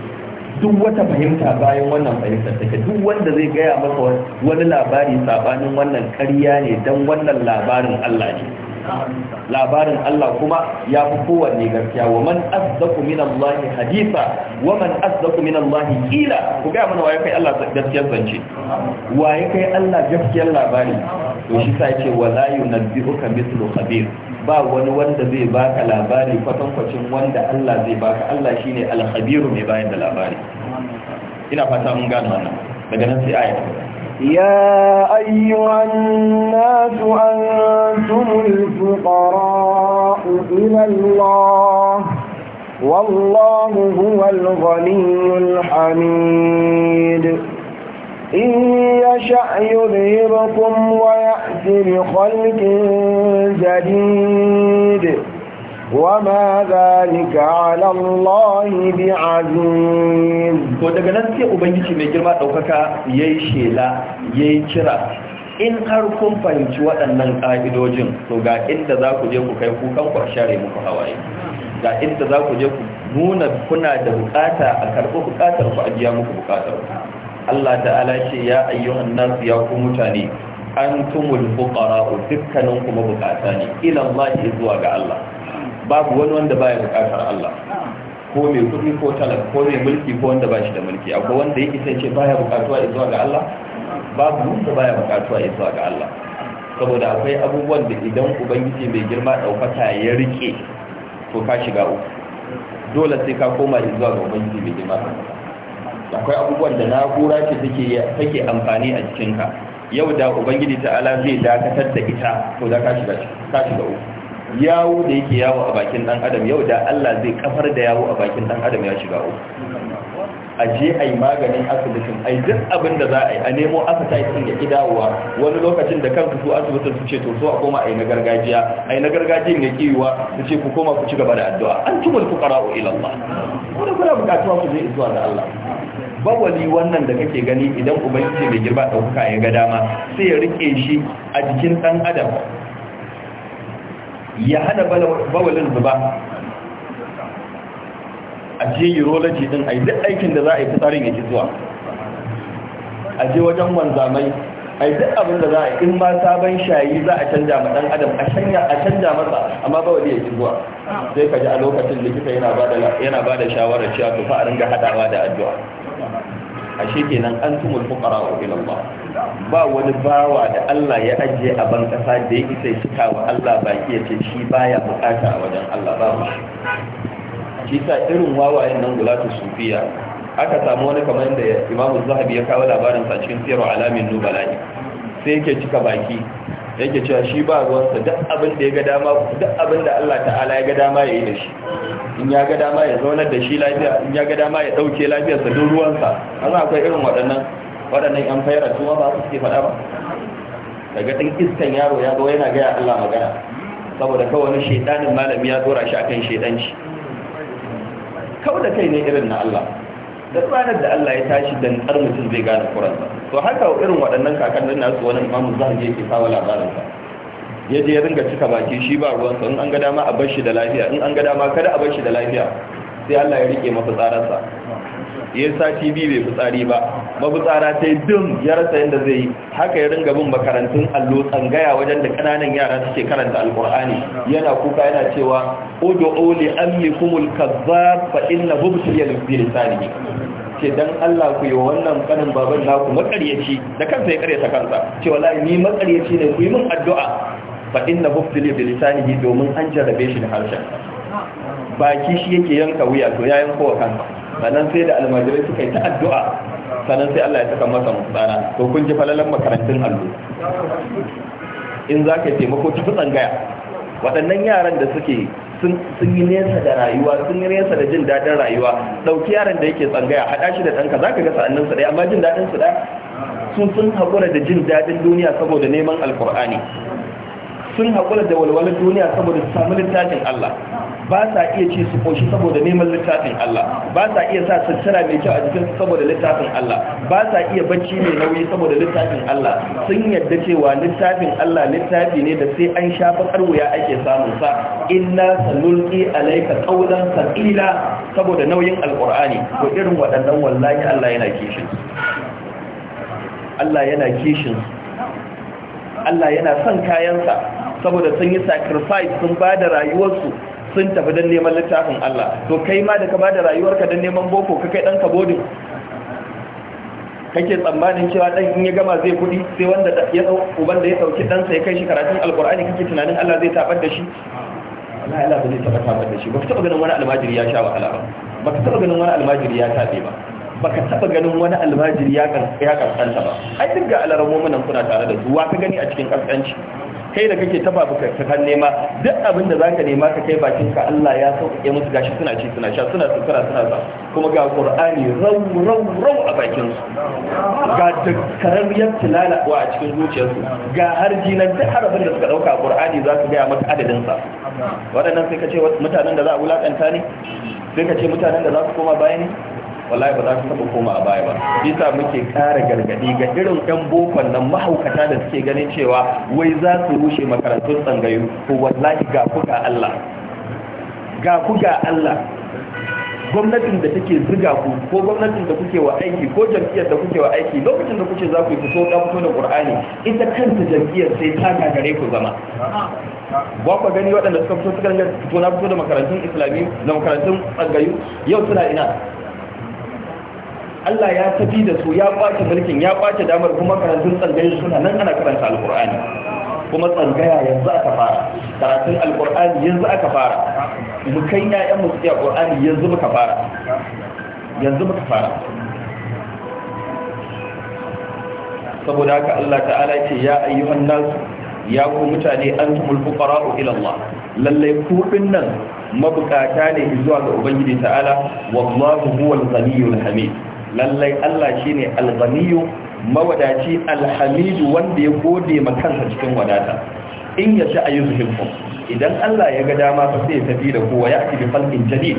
duk wata fahimta bayan wannan fahimtar take duk wanda zai gaya maka wani labari sabanin wannan karya ne dan wannan labarin Allah ne labarin Allah kuma ya fi kowanne gaskiya wa man asdaqu min Allah haditha wa man asdaqu min Allah qila ku ga mana waye kai Allah gaskiyar zance waye kai Allah gaskiyar labari to shi sai ce wala yunabbi'uka mithlu khabir ba wani wanda zai baka labari kwatankwacin wanda Allah zai baka Allah shine al-khabiru mai bayan da labari ina fata mun gano wannan daga nan sai ayata يا أيها الناس أنتم الفقراء إلى الله والله هو الغني الحميد إن يشأ يذهبكم ويأتي بخلق جديد وما ذلك على الله بعزيز to daga nan sai ubangiji mai girma daukaka ya shela yayi kira in har kun fahimci waɗannan ƙa'idojin to ga inda za ku je ku kai kukan kwashare muku hawaye ga inda za ku je nuna kuna da bukata a karɓi bukatar ku a muku bukatar Allah ta'ala ce ya ayyuhan nas ya mutane antumul kuma bukata ne ila zuwa ga Allah babu wani wanda baya bukatar Allah ko mai kudi ko talaka ko mai mulki ko wanda bashi da mulki akwai wanda yake sai ce baya bukatuwa zuwa ga Allah babu wanda baya bukatuwa zuwa ga Allah saboda akwai abubuwan da idan ubangiji mai girma daukaka ya rike to ka shiga uku dole sai ka koma zuwa ga ubangiji mai girma akwai abubuwan da na gura ce take take amfani a ka yau da ubangiji ta'ala zai dakatar da ita to za ka shiga ka shiga uku yawo da yake yawo a bakin dan adam yau da Allah zai kafar da yawo a bakin dan adam ya shiga uku a je maganin asibitin a yi duk abin da za a yi a nemo asibitin da kidawa wani lokacin da kanku su asibitin su ce to so a koma a yi na gargajiya a yi na gargajiyan ya kiwa su ce ku koma ku ci gaba da addu'a an tumul fuqara ila Allah wani kuna bukatuwa ku je zuwa ga Allah bawali wannan da kake gani idan ubangiji mai girba ɗaukaka ya ga dama sai ya rike shi a jikin ɗan adam ya hada bawalin zuba a je urology din a yi duk aikin da za a yi tsarin ya zuwa a ce wajen wanzamai a yi duk abin da za a yi. in ma sabon shayi za a canja ma dan adam a canja a canja masa amma ba wani ya zuwa sai ka ji a lokacin likita yana ba da shawarar shawara cewa to fa a ringa hadawa da addu'a ashe kenan an antumul fuqara ila Allah ba wani bawa da Allah ya ajiye a ban kasa da yake sai cika wa Allah baki ya ce shi baya bukata a wajen Allah ba shi shi sa irin wawayen nan gulatu sufiya aka samu wani kamar da Imam Zahabi ya kawo labarin sa cikin Sirru Alamin Nubala sai yake cika baki yake cewa shi ba ruwansa duk abin da ya ga dama duk abin da Allah ta'ala ya ga dama ya yi da shi in ya ga dama ya zaunar da shi lafiya in ya ga dama ya dauke lafiyarsa duk ruwansa an akwai irin waɗannan waɗannan yan fayar tuwa ba su ke faɗa ba daga ɗin iskan yaro ya zo yana gaya Allah magana saboda kawai wani shaidanin malami ya tsora shi akan shaidanci kawai da kai ne irin na Allah da ranar da Allah ya tashi dan tsar mutum zai gane kuransa to haka irin waɗannan kakannin nasu wani imamu zahiri yake kawo labarinsa ya je ya ringa cika baki shi ba ruwansa in an ga dama a bar shi da lafiya in an ga dama kada a bar shi da lafiya sai Allah ya rike masa tsararsa ya yi sati biyu bai fitsari ba mafitsara ta yi dum ya rasa yadda zai yi haka ya ringa bin makarantun allo tsangaya wajen da kananan yara suke karanta alƙur'ani yana kuka yana cewa udu'u oli amlikumul kazzab fa inna bubtiyal bi ce dan Allah ku yi wannan kanin baban naku makaryaci da kansa ya karyata kansa ce wallahi ni makaryaci ne ku yi min addu'a fa inna buftili li lisanihi domin an jarabe shi da harshen baki shi yake yanka wuya to ya yanko wa kansa sannan sai da almajirai suka yi ta addu'a sannan sai Allah ya saka masa mutsara to kun ji falalan makarantun allo in za ka taimako cikin tsangaya waɗannan yaran da suke sun yi nesa da rayuwa sun yi nesa da jin daɗin rayuwa ɗauki yaron da yake tsangaya haɗa shi da ɗanka za ka ga sa'annin su ɗaya amma jin daɗin su ɗaya sun sun haƙura da jin daɗin duniya saboda neman alƙur'ani sun haƙura da walwalar duniya saboda su samu littafin Allah ba sa iya ce su koshi saboda neman littafin Allah ba sa iya sa tattara mai kyau a jikin saboda littafin Allah ba sa iya bacci mai nauyi saboda littafin Allah sun yadda cewa littafin Allah littafi ne da sai an sha bakar wuya ake samun sa inna sanulqi alayka qawlan thaqila saboda nauyin alqur'ani ko irin waɗannan wallahi Allah yana kishin Allah yana kishin Allah yana son kayansa saboda sun yi sacrifice sun bada da rayuwarsu sun tafi don neman littafin Allah to kai ma da ka ba da rayuwarka don neman boko ka kai ɗanka bodin kake tsammanin cewa ɗan in ya gama zai kuɗi sai wanda ya tsau uban da ya sauki ɗansa ya kai shi karatun alkur'ani kake tunanin Allah zai tabar da shi Allah Allah zai taɓa tabar da shi baka taɓa ganin wani almajiri ya sha wahala ba baka taɓa ganin wani almajiri ya taɓe ba baka taɓa ganin wani almajiri ya kaskanta ba ai duk ga alaramomin nan kuna tare da su wa ka gani a cikin kaskanci kai da kake taba bukatun nema duk abin da zaka nema ka kai bakin ka Allah ya sauke musu gashi suna ci suna sha suna tsara suna sa kuma ga Qur'ani rau rau rau a bakin su ga dakkararriyar tilala wa a cikin zuciyarsu ga har na duk abin da suka dauka Qur'ani za su ga maka adadin sa waɗannan sai ka ce mutanen da za a wulakanta ne sai ka ce mutanen da za su koma baya ne wallahi ba za su taɓa koma a baya ba bisa muke kara gargaɗi ga irin ɗan bokon nan mahaukata da suke ganin cewa wai za su rushe makarantun tsangayu ko wallahi ga ku ga Allah ga ku ga Allah gwamnatin da take ziga ku ko gwamnatin da kuke wa aiki ko jam'iyyar da kuke wa aiki lokacin da kuke za ku yi fito da fito da Qur'ani ita kanta jam'iyyar sai ta gagare ku zama ba ku gani waɗanda suka fito suka fito na fito da makarantun islami da makarantun tsagayu yau suna ina Allah ya tafi da su ya kwace mulkin ya kwace damar kuma karantun tsangayin suna nan ana karanta Alƙur'ani, kuma tsangaya yanzu aka fara karatun Alƙur'ani yanzu aka fara mu kai ƴaƴan mu su ƙur'ani yanzu muka fara yanzu muka fara saboda haka Allah ta'ala ce ya ayyuhan nasu ya ku mutane an tumul fuqara'u ila Allah lallai kufin nan mabukata ne zuwa ga ubangiji ta'ala wallahu huwal ghaniyyul hamid lallai Allah shine ne ghaniyyu mawadaci Alhamidu wanda ya gode ma kansa cikin wadata in ya sha ayyuhilkum idan Allah ya ga dama ka sai ya tafi da kowa ya ake bifalkin jadid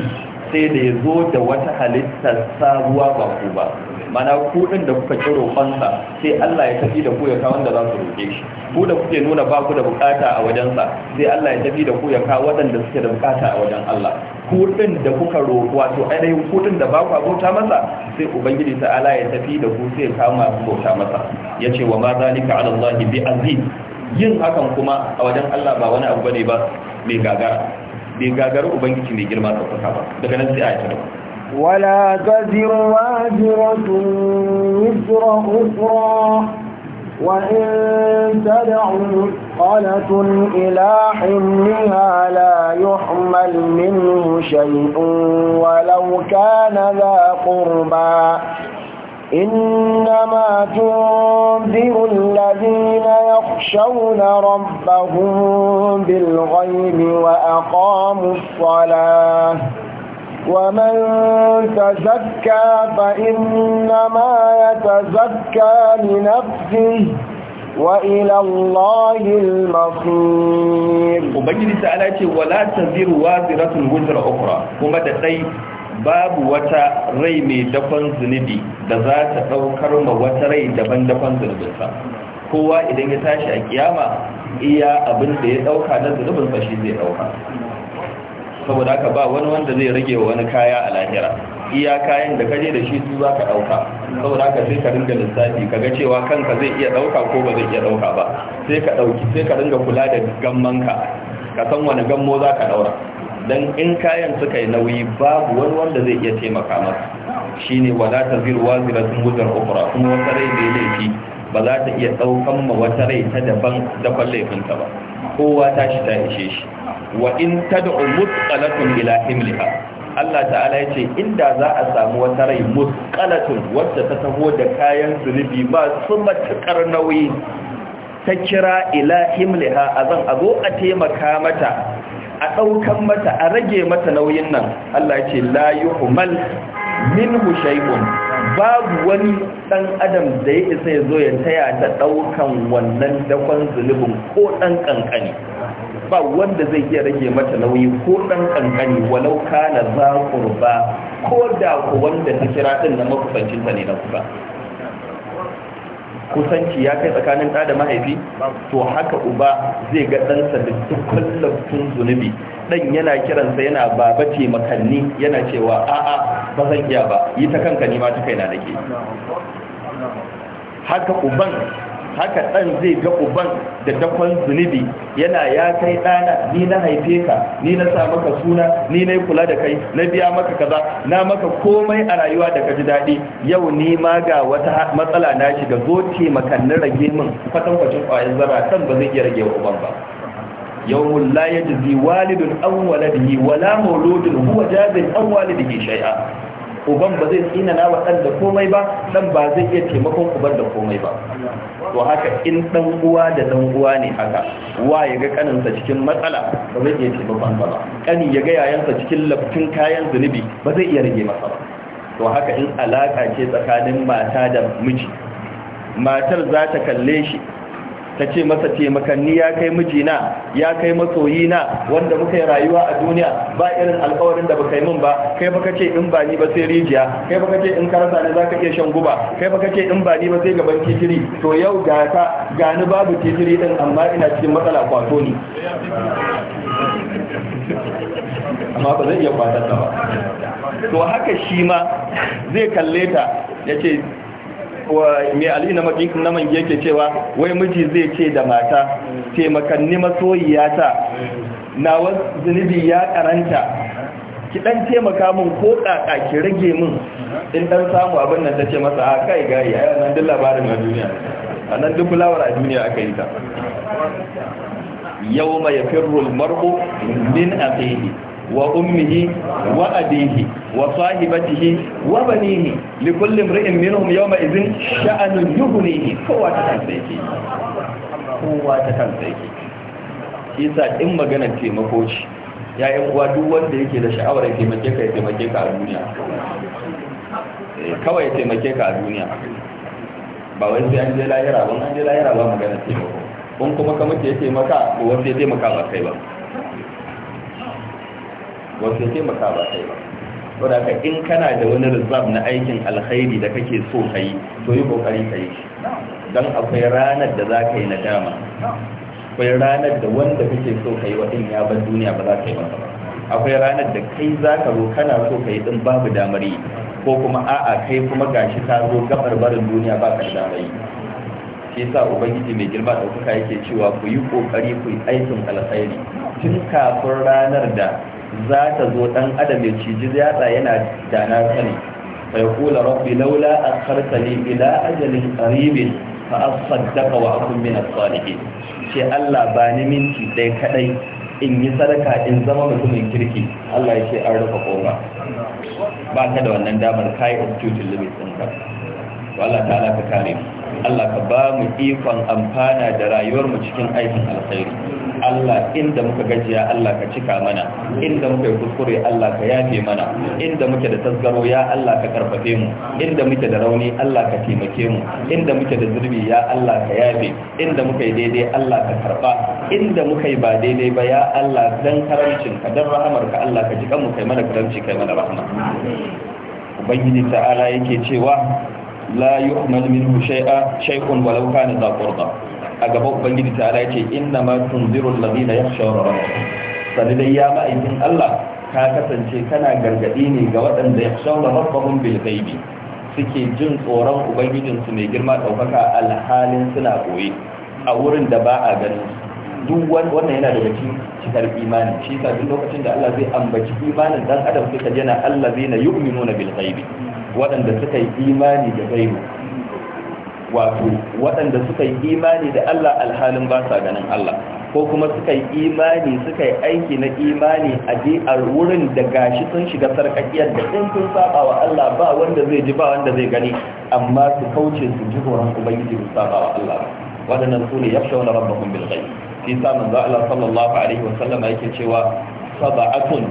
sai da ya zo da wata halitta sabuwa ba ku ba mana kuɗin da kuka ƙi fansa sai Allah ya tafi da ku ya kawo wanda za su roƙe shi ku da kuke nuna ba ku da bukata a wajensa sai Allah ya tafi da ku ya kawo waɗanda suke da bukata a wajen Allah kuɗin da kuka roƙo wato ainihin kuɗin da ba ku abota masa sai ubangiji ta ala ya tafi da ku sai ya kawo masu bauta masa ya ce wa ma zalika ala Allah bi aziz yin hakan kuma a wajen Allah ba wani abu bane ba mai gagara mai gagara ubangiji mai girma ɗaukaka ba daga nan sai a yi ولا تزر وازرة وزر أخرى وإن تدع مثقلة إلى حملها لا يحمل منه شيء ولو كان ذا قربى إنما تنذر الذين يخشون ربهم بالغيب وأقاموا الصلاة ومن تزكى فإنما يتزكى لنفسه وإلى الله المصير وبجد تعالى ولا تزر وازرة وزر أخرى وما تدعي babu wata rai mai dakon zunubi da za ta ɗaukar ma wata rai daban zunubinsa kowa idan ya tashi a kiyama iya abin da ya ɗauka na zunubinsa shi zai ɗauka saboda haka ba wani wanda zai rage wa wani kaya a lahira iya kayan da kaje da shi su za ka ɗauka saboda haka sai ka ringa lissafi ka ga cewa kanka zai iya ɗauka ko ba zai iya ɗauka ba sai ka ɗauki sai ka ringa kula da gammanka ka san wani gammo za ka ɗaura don in kayan suka yi nauyi babu wani wanda zai iya taimaka masa shine wadatar zirwa sun wuzar ukura kuma wata rai da ya laifi ba za ta iya ɗaukan ma wata rai ta daban dafan laifinta ba kowa ta shi ta ishe shi wa in ta tad'u mutqalatun ila himliha Allah ta'ala ya ce inda za a samu wata rai mutqalatun wacce ta taho da kayan zunubi ba su matuƙar nauyi ta kira ila a zan a zo a taimaka mata a ɗaukan mata a rage mata nauyin nan Allah ya ce la yuhmal minhu shay'un babu wani dan adam da ya isa ya zo ya taya ta daukan wannan dakon zulubin ko dan kankani ba wanda zai iya rage mata nauyi ko dan kankani walau kana za kurba ko da ku wanda ta kira din na makusancin ta ne na kusa kusanci ya kai tsakanin ɗa da mahaifi to haka uba zai ga ɗansa da dukkan tun zunubi ɗan yana kiransa yana baba ce makanni yana cewa a'a ba zan iya ba yi ta kanka ni ma ta kaina nake haka uban haka ɗan zai ga uban da dakon zunubi yana ya kai ɗana ni na haife ka ni na sa maka suna ni na kula da kai na biya maka kaza na maka komai a rayuwa da ka ji daɗi yau ni ma ga wata matsala na shiga zo na rage min kwatankwacin ƙwayar zara kan ba zai iya rage wa uban ba yawon la ya zi walidun an waladihi wala mauludin huwa jazin an walidihi shai'a uban ba zai tsinana wa ɗan da komai ba ɗan ba zai iya taimakon uban da komai ba to haka in dan uwa da dan uwa ne haka wa ya ga kaninsa cikin matsala ba zai iya taimakon ba kani ya ga yayansa cikin laftin kayan zunubi ba zai iya rage masa ba to haka in alaka ce tsakanin mata da miji matar za ta kalle shi ta ce masa taimakanni ya kai mijina ya kai na wanda muka yi rayuwa a duniya ba irin alkawarin da baka yi min ba kai baka ce in ba ni ba sai rijiya kai baka ce in karasa ne zaka iya shan guba kai baka ce in ba ni ba sai gaban titiri to yau ga ka gani babu titiri din amma ina cikin matsala kwato ne amma ba zai iya kwatar ba to haka shi ma zai kalle ta ya ce mai ali na naman yake cewa wai miji zai ce da mata taimakanni masoyiyata na wasu zunubi ya karanta ki dan taimaka min ko kaka ki rage min in ɗan samu abin nan ce masa a kai yi a nan duk labarin a duniya a nan duk lawar a duniya aka yi ta yau yafirru al-mar'u min akhihi wa ummihi wa abihi wa sahibatihi wa banihi li kulli imri'in minhum yawma idhin sha'anun yughnihi kowa ta kansa kowa ta kansa shi sa in magana ce makoci ya yi uwa duk wanda yake da sha'awar ya taimake ka ya taimake ka a duniya eh, kawai ya taimake ka a duniya ba wai sai an je lahira ba an je lahira ba magana taimako kun kuma ka muke taimaka ko wanda ya taimaka ba kai ba wato taimaka ba kai ba wadda ka in kana da wani rizab na aikin alkhairi da kake so ka yi to yi kokari ka yi shi don akwai ranar da za ka yi nadama akwai ranar da wanda kake so ka yi wa ɗin ya ban duniya ba za ka yi masa ba akwai ranar da kai za ka zo kana so ka yi ɗin babu damar yi ko kuma a'a kai kuma gashi ka zo gabar barin duniya ba ka da damar yi shi yasa ubangiji mai girma ɗaukaka yake cewa ku yi ƙoƙari ku yi aikin alkhairi tun kafin ranar da za ta zo dan adam ya ciji yatsa yana dana sani bai kula rabbi laula akhartani ila ajalin qaribin fa asaddaqa wa akun min as-salihin ce Allah ba ni minti dai kadai in yi sadaka in zama mutumin kirki Allah ya ce an rufe koma ba ka da wannan damar kai of duty limit ɗinka to Allah ta ka kare mu Allah ka ba mu ikon amfana da rayuwar mu cikin aikin alkhairi Allah inda muka gajiya Allah ka cika mana inda muka yi kuskure Allah ka yafe mana inda muke da tasgaro ya Allah ka karfafe mu inda muke da rauni Allah ka taimake mu inda muke da zurbi ya Allah ka yafe inda muka yi daidai Allah ka karba inda muka yi ba daidai ba ya Allah dan karamcin ka dan rahamar ka Allah ka jikan mu kai mana karamci kai mana rahama ubangiji ta'ala yake cewa la yuhmal minhu shay'a shay'un walau kana za a gaba ubangiji ta ala ce inna ma tunziru alladhina yakhshawna rabbahum Sani dai ya ma'aikin Allah ka kasance kana gargadi ne ga waɗanda yakhshawna rabbahum bil ghaibi suke jin tsoron ubangijinsu mai girma ɗaukaka alhalin suna koyi a wurin da ba a ganin duk wannan yana daga cikin cikar imani shi sa duk lokacin da Allah zai ambaci imanin dan adam sai yana jana Allah zai na yu'minu na bil waɗanda suka yi imani da gaibu wato waɗanda suka yi imani da Allah alhalin ba sa ganin Allah ko kuma suka yi imani suka yi aiki na imani a je a wurin da gashi sun shiga sarkakiyar da in sun saba wa Allah ba wanda zai ji ba wanda zai gani amma su kauce su ji horon ubangiji su saba wa Allah waɗannan su ne yakshawna rabbahum bil ghaib fi samun manzo Allah sallallahu alaihi wa sallama yake cewa sab'atun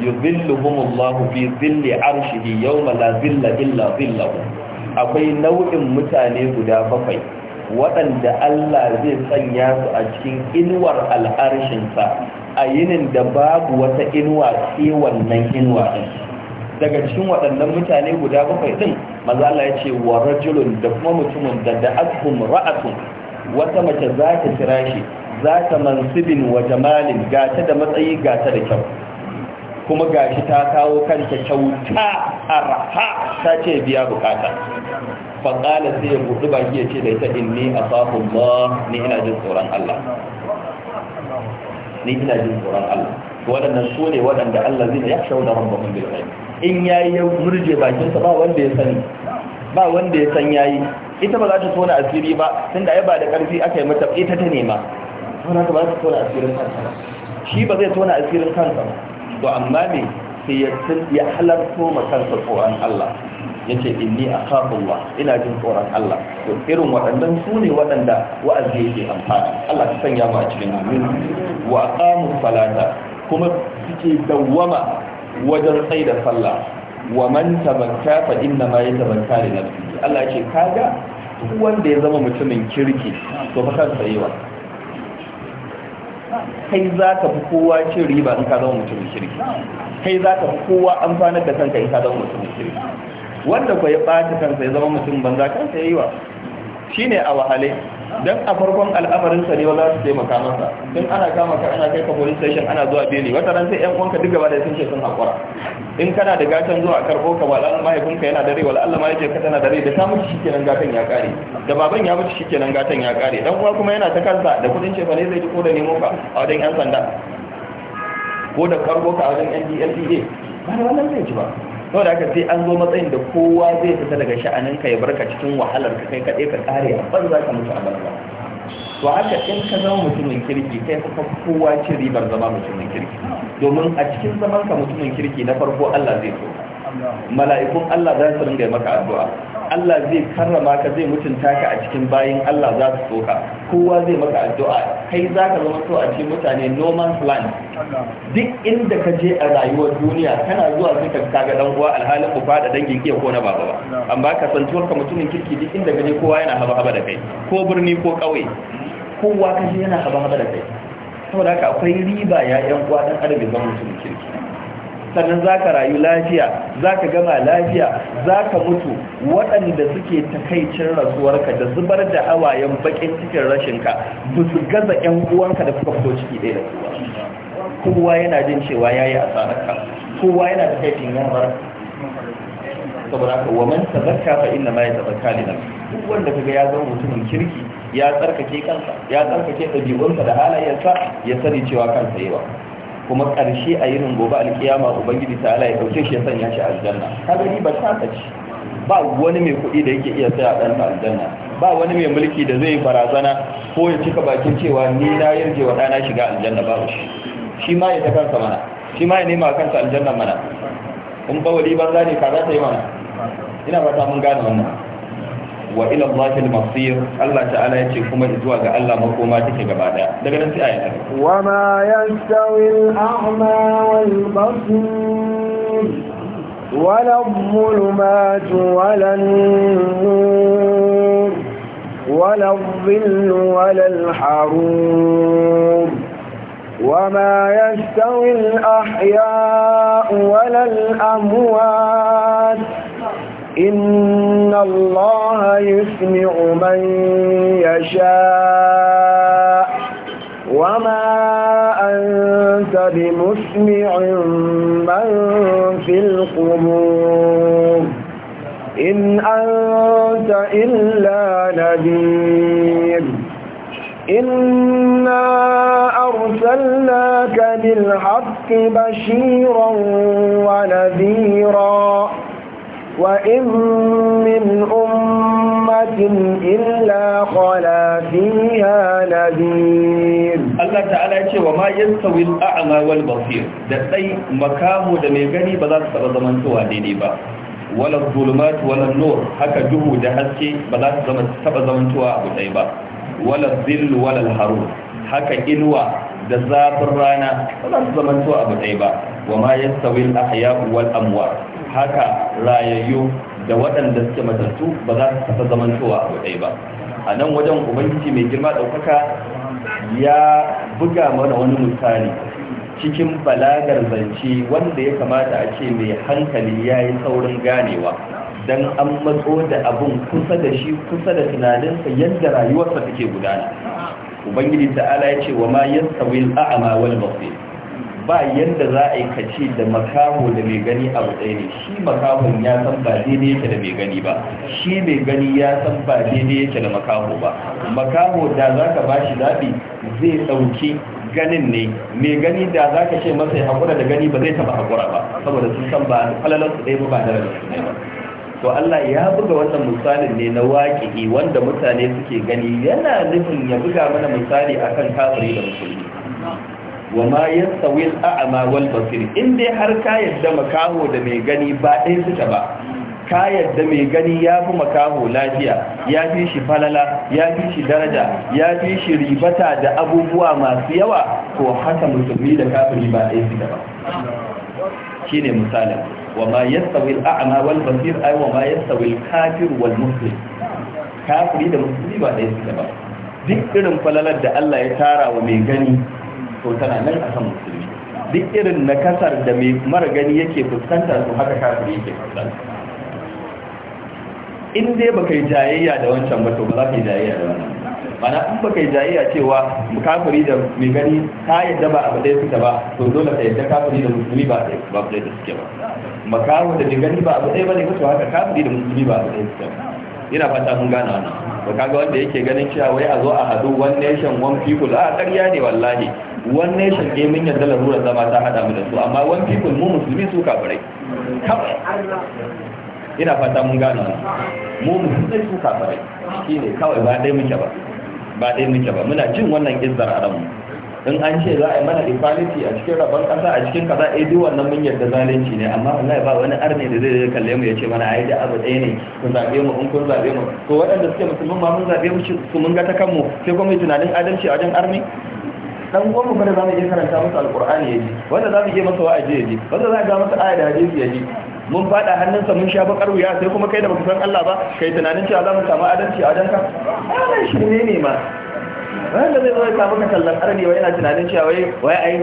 yuzilluhumullahu fi zilli arshihi yawma la zilla illa zillahu akwai nau'in mutane guda bakwai waɗanda Allah zai sanya su a cikin inuwar al'arshinsa a yinin da babu wata inuwa ke wannan inuwa ɗin. daga cikin waɗannan mutane guda bakwai din maza Allah ya ce wa rajulun da kuma mutumin da da asbum ra'atun wata mace za ta kira shi za ta mansibin wa jamalin gata da matsayi gata da kyau kuma gashi ta kawo kanta kyauta arha ta ce biya bukata faƙala sai ya buɗi baki ya ce da ita in ni a safin ba ni ina jin tsoron Allah ni ina jin tsoron Allah waɗannan su ne waɗanda Allah zai ya shauna rabbakum bil ghaib in ya yi murje bakin sa ba wanda ya sani ba wanda ya san yayi ita ba za ta tona asiri ba da ai ba da ƙarfi aka yi mata ita ta nema wannan ba za ta tona asirin kansa shi ba zai tona asirin kansa ba to amma ne sai ya ya halarto kansa tsoron Allah Ya yace inni akhafullah ina jin tsoron Allah to irin waɗannan su ne waɗanda wa'azi yake amfani Allah ta sanya mu a cikin amin wa aqamu falata kuma suke dawwama wajen da sallah wa man tamakka fa inna ma yatamakka li nafsihi Allah yace kaga duk wanda ya zama mutumin kirki to fa kan tsayewa kai za ka fi kowa cin riba in ka zama mutum kirki kai za ka fi kowa amfanar da kanka in ka zama mutum kirki wanda kwa ya ɓata kansa ya zama mutum banza kansa ya yi wa shi ne a wahale dan a farkon al'amarin sa ne wala za su taimaka masa tun ana kama ka ana kai ka police station ana zuwa beli wata ran sai ƴan uwanka duk gaba da sun ce sun hakura in kana da gatan zuwa karɓo ka ba dan mahaifinka yana dare wala Allah ma yake ka tana dare da ta mutu shikenan gatan ya kare da baban ya mutu shikenan gatan ya kare dan uwa kuma yana ta kansa da kudin cefa ne zai ji ko da nemo ka a wajen ƴan sanda ko da karɓo ka a wajen NDLDA ba da wannan zai ji ba sau da aka sai an zo matsayin da kowa zai fita daga sha'aninka ya barka cikin wahalar ka kai kaɗai ka kare a ban za ka mutu a banza to haka in ka zama mutumin kirki kai fa kowa ce ribar zama mutumin kirki domin a cikin zamanka mutumin kirki na farko Allah zai so mala'ikun Allah za su ringa maka addu'a Allah zai karrama ka zai mutunta ka a cikin bayin Allah za su soka kowa zai maka addu'a kai za ka zama so a cikin mutane no man's land duk inda ka je a rayuwar duniya kana zuwa sai ka kaga dan uwa alhalin uba da dangin iya ko na baba ba amma ka santuwar ka mutumin kirki duk inda ka je kowa yana haba haba da kai ko birni ko kauye kowa ka je yana haba haba da kai saboda haka akwai riba ya yan uwa dan adam mutumin kirki sannan za ka rayu lafiya za ka gama lafiya za ka mutu waɗanda suke takaicin rasuwarka da zubar da hawayen bakin cikin rashinka ba su gaza 'yan uwanka da suka fito ciki ɗaya da kowa kowa yana jin cewa ya yi asararka kowa yana da takaicin yamar saboda ka wa man tazakka fa inna ma yatazakka li nafsi duk wanda kaga ya zama mutumin kirki ya tsarkake kansa ya tsarkake dabi'unsa da halayensa ya sani cewa kansa yawa kuma ƙarshe a yinin gobe alkiyama ubangiji ta ala ya ɗauke shi ya sanya shi aljanna kaga riba ta ci. ba wani mai kuɗi da yake iya saya ɗansa aljanna ba wani mai mulki da zai barazana ko ya cika bakin cewa ni na yarje wa ɗana shiga aljanna ba shi shi ma ya ta kansa mana shi ma ya nema kansa aljanna mana in bawali banza ne ka za ta yi mana ina fata mun gane wannan wa ila Allahi al-masir Allah ta'ala yace kuma zuwa ga Allah makoma take gaba daya daga nan sai ayat wa ma yastawi al-a'ma wal basir wala al-zulumat wala an-nur wala al-dhill wala al-harur al يستوي الأحياء ولا amwat إن الله يسمع من يشاء وما أنت بمسمع من في القبور إن أنت إلا نذير إنا أرسلناك بالحق بشيرا ونذيرا وإن من أمة إلا خلا فيها نذير الله تعالى يقول وما يستوي الأعمى والبصير ده أي مكامو ده ميغني بذات سبزمان سوى ديني با ولا الظلمات ولا النور هكا جهو ده هسكي بذات سبزمان سوى أبو تايبا ولا الظل ولا الهرور هكا إنوى da zafin rana ba za su zamanto abu ɗaya ba wa ma yastawi al-ahya wal amwat haka rayayyu da waɗanda suke matattu ba za su tafi zamantowa a ɗaya ba a nan wajen ubangiji mai girma ɗaukaka ya buga mana wani misali cikin balagar zance wanda ya kamata a ce mai hankali ya yi saurin ganewa don an matso da abin kusa da shi kusa da tunaninsa yadda rayuwarsa take gudana ubangiji ta'ala ya ce wa ma yastawi a'ama wal basir ba yadda za a yi kace da makaho da mai gani abu ɗaya ne shi makahon ya san ba daidai yake da mai gani ba shi mai gani ya san ba daidai yake da makaho ba makaho da za ka ba shi zaɓi zai ɗauki ganin ne mai gani da za ka ce masa ya haƙura da gani ba zai taɓa haƙura ba saboda sun san ba su ɗaya ba ba da su ne to Allah ya buga wannan misalin ne na waƙi wanda mutane suke gani yana nufin ya buga mana misali akan kafiri da musulmi wa ma yasawi al'ama wal basir in dai har ka yadda makaho da mai gani ba ɗaya suka ba ka yadda mai gani ya fi makaho lafiya ya fi shi falala ya fi shi daraja ya fi shi ribata da abubuwa masu yawa ko haka musulmi da kafiri ba ɗaya suka ba Shi ne misalin wa ma yasawi al'ama wal basir ay wa ma yasawi al wal muslim kafiri da musulmi ba ɗaya suka ba duk irin falalar da Allah ya tara wa mai gani to tana nan a kan musulmi duk irin na kasar da mai mara gani yake fuskanta su haka kafiri yake fuskanta in dai baka yi jayayya da wancan ba to ba za ka yi jayayya da wannan mana in baka yi jayayya cewa kafiri da mai gani ta yadda ba abu ɗaya suka ba to dole ka yadda kafiri da musulmi ba ba abu ɗaya da suke ba makaro da mai gani ba abu ɗaya ba ne haka kafiri da musulmi ba abu ɗaya suke ba ina fata mun gane wannan ba kaga wanda yake ganin cewa wai a zo a hadu one nation one people a ƙarya ne wallahi Wanne nation mun min yadda larurar zama ta hada mu da su amma one people mu musulmi su kafirai kawai ina fata mun gano mu musulmi su kafirai ne, kawai ba dai muke ba ba dai muke ba muna jin wannan izzar a ranmu in an ce za a yi mana equality a cikin rabon kasa a cikin kaza a eh, yi wannan mun yarda zalunci ne amma wallahi ba wani arne da zai zai kalle mu ya ce mana ai da abu ɗaya ne kun zabe mu in kun zabe mu to waɗanda suke musulmi ma mun zabe mu su mun ga ta kanmu sai kuma yi tunanin adalci a wajen arne dan gwamnu bane za mu iya karanta musu alkur'ani ya ji wanda za mu iya masa wa'azi ya ji wanda za ga masa aya da hadisi ya ji mun fada hannunsa mun sha bakar wuya sai kuma kai da baka san Allah ba kai tunanin cewa za mu samu adalci a danka wannan shi ne ne ma wanda zai zai samu ka kallon wai yana tunanin cewa wai wai ai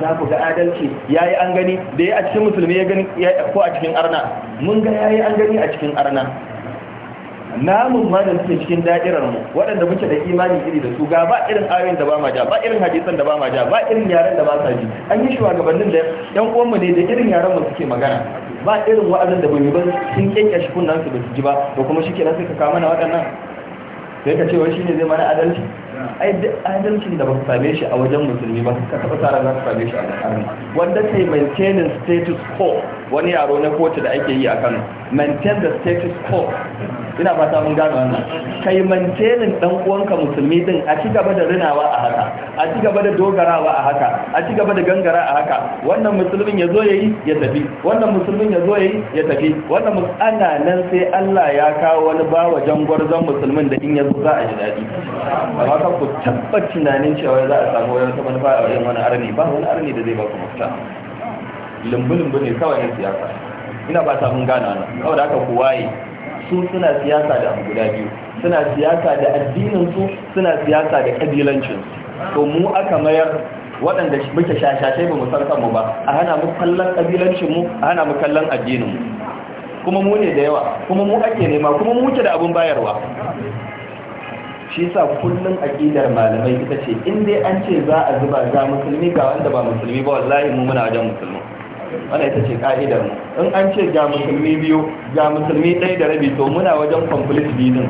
za ku ga adalci yayi an gani da ya a cikin musulmi ya gani ko a cikin arna mun ga yayi an gani a cikin arna namun ma da suke cikin da'irar mu waɗanda muke da imani iri da su ga ba irin ayoyin da ba ma ja ba irin hadisan da ba ma ja ba irin yaren da ba sa ji an yi shugabannin da yan uwan mu ne da irin yaren mu suke magana ba irin wa'azin da bai ba sun kyakkya shi kunnan su ba su ji ba to kuma shi kenan sai ka kawo mana waɗannan sai ka ce wai shine zai mana adalci ai duk adalcin da ba ku same shi a wajen musulmi ba ka taɓa tsara za ku same shi a kano wanda sai maintaining status quo wani yaro na kotu da ake yi a kano maintain the status quo ina fata mun gano wannan kai mantelin dan uwanka musulmi din a ci gaba da rinawa a haka a ci gaba da dogarawa a haka a ci gaba da gangara a haka wannan musulmin ya zo yayi ya tafi wannan musulmin ya zo yayi ya tafi wannan ana nan sai Allah ya kawo wani bawa jangwarzon musulmin da in yazo za a ji daɗi amma ka ku tabbata tunanin cewa za a samu wani manufa a wajen wani arni ba wani arni da zai ba ku mafita lumbu-lumbu ne kawai na siyasa ina ba ta mun gana nan saboda da ku waye. su suna siyasa da abu guda biyu suna siyasa da addininsu suna siyasa da kabilancinsu to mu aka mayar waɗanda muke shashashai ba mu kanmu ba a hana mu kallon kabilancinmu a hana mu kallon addininmu kuma mu ne da yawa kuma mu ake nema kuma mu ke da abun bayarwa shi sa kullum aƙidar malamai ita ce in dai an ce za a zuba za musulmi ga wanda ba musulmi ba wallahi mu muna wajen musulmi wannan ita ce ka'idar mu in an ce ga musulmi biyu ga musulmi ɗaya da rabi to muna wajen complete dinin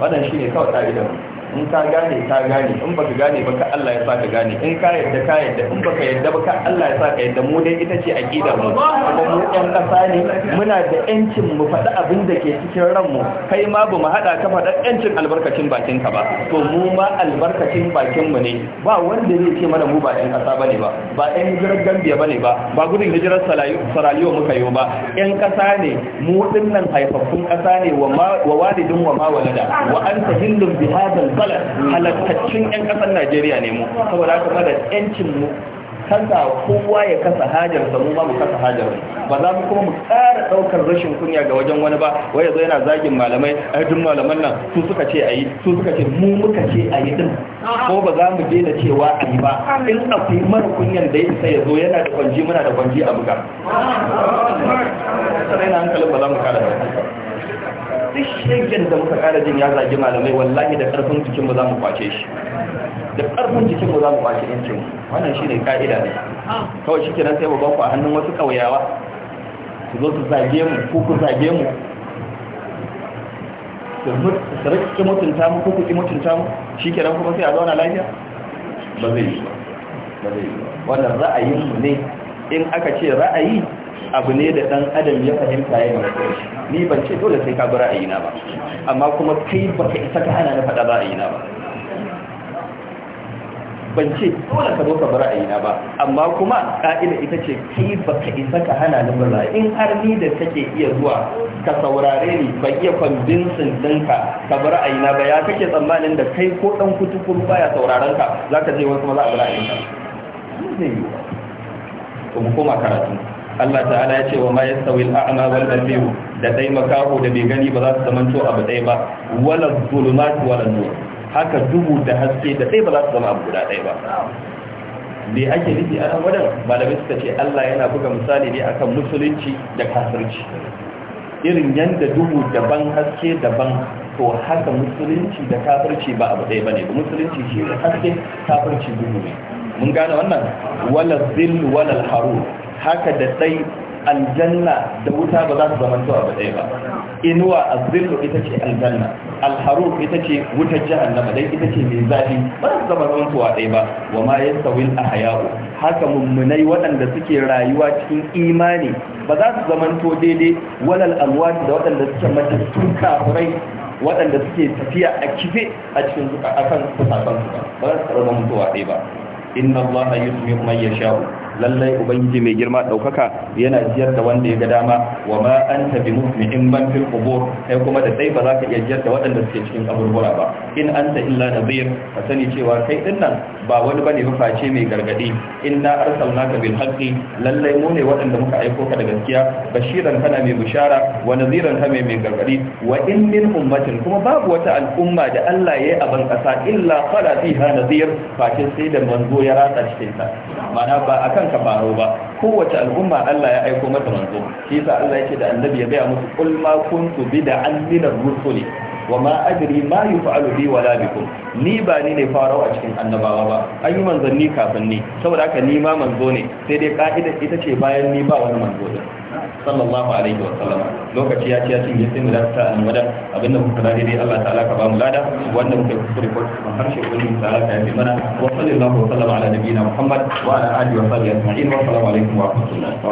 wannan shine kawai ka'idar mu in ka gane ka gane in baka gane ba ka Allah ya sa ka gane in ka yadda ka yadda in baka yadda ba ka Allah ya sa ka yadda mu dai ita ce aqida mu kuma mu ɗan ƙasa ne muna da ƴancin mu faɗi abin da ke cikin ranmu kai ma ba mu haɗa ka faɗa ƴancin albarkacin bakin ka ba to mu ma albarkacin bakin mu ne ba wanda zai ce mana mu ba ƴan ƙasa bane ba ba ƴan hijirar Gambia bane ba ba gudun hijirar Saraliyo muka yi ba ƴan ƙasa ne mu dinnan haifaffun ƙasa ne wa walidin wa ma walada wa anta hillun bi hadal falal halattaccin yan kasar Najeriya ne mu saboda haka da yancin mu kasa kowa ya kasa hajar mu ba mu kasa hajar ba za mu kuma mu ƙara ɗaukar rashin kunya ga wajen wani ba wai yazo yana zagin malamai ai duk malaman nan su suka ce ayi su suka ce mu muka ce ayi din ko ba za mu da cewa ayi ba in akwai mara kunyan da yake ya zo yana da kwanji muna da kwanji a buga sai na hankalin ba za mu kara ba duk da muka kara jin ya zagi malamai wallahi da karfin jikin mu za mu kwace shi da karfin jikin mu za mu kwace yancin wannan shine ka'ida ne kawai shi kenan sai mu ba ku a hannun wasu kauyawa su zo su zage mu ko ku zage mu su rikki mutunta mu ko ku ki mutunta mu shi kenan kuma sai a zauna lafiya ba zai yi ba ba zai yi ba wannan ra'ayin mu ne in aka ce ra'ayi abu ne da dan adam ya fahimta ya yi ni ban ce dole sai ka bi ra'ayina ba amma kuma kai baka isa ka hana na faɗa ra'ayina ba ban ce dole ka zo ka bi ra'ayina ba amma kuma ka'ida ita ce kai baka isa ka hana ni bura in har ni da kake iya zuwa ka saurare ni ban iya kwambinsin ɗinka ka bi ra'ayina ba ya kake tsammanin da kai ko ɗan kutukuru baya sauraron ka za ka je wasu ma za a bi ba. Ne yi Ko Kuma koma karatu. Allah ta'ala ya ce wa ma yastawi al-a'ma wal basir da dai makaho da bai gani ba za su zamanto abu ɗaya ba wala zulumat wala nur haka duhu da haske da dai ba za su zama abu guda ɗaya ba me ake nufi a nan wadan malamai suka ce Allah yana buga misali ne akan musulunci da kafirci irin yanda duhu daban haske daban to haka musulunci da kafirci ba abu ɗaya bane ba musulunci shi ne haske kafirci duhu ne mun gane wannan wala zil wala harur haka da tsai aljanna da wuta ba za su zamantowa ba ɗaya ba inuwa azillu ita ce aljanna alharu ita ce wutar jahannama dai ita ce mai zafi ba su zama zaman zuwa ɗaya ba wa ma a ahya'u haka mummunai waɗanda suke rayuwa cikin imani ba za su zama daidai walal amwat da waɗanda suke matattun kafirai waɗanda suke tafiya a kife a cikin akan kusakan su ba za su zama zuwa ɗaya ba inna allaha yusmi'u man yasha'u lallai ubangiji mai girma daukaka yana jiyar da wanda ya ga dama wa ma anta bi mu'min ban fil qubur kai kuma da dai ba za ka iya jiyar da waɗanda suke cikin kaburbura ba in anta illa nadhir ka sani cewa kai din nan ba wani bane ba face mai gargadi inna arsalnaka bil haqqi lallai mu ne waɗanda muka aiko ka da gaskiya bashiran kana mai bishara wa nadhiran ka mai mai gargadi wa in min ummatin kuma babu wata al'umma da Allah ya yi a ban kasa illa fara fiha nadhir face sai da manzo ya ratsa cikin ta mana ba akan aka faro ba kowace al'umma Allah ya aiko mata manzo shi yasa Allah yake da annabi ya baya musu qul ma kuntu bid'an min ar-rusuli wa ma adri ma yuf'alu bi wala bikum ni ba ni ne farau a cikin annabawa ba an yi manzanni kafin ni saboda haka ni ma manzo ne sai dai ka'ida ita ce bayan ni ba wani manzo ne sallallahu alaihi wa sallama. lokaci ya ci ya cinye sai mu da ta almada abinda kuka dade dai Allah ta'ala ka ba mu lada wanda muka kuskure ko harshe ko ni ta'ala ka yi mana wa sallallahu wa sallama ala na Muhammad wa ala alihi wa sahbihi ajma'in wa assalamu alaikum wa rahmatullahi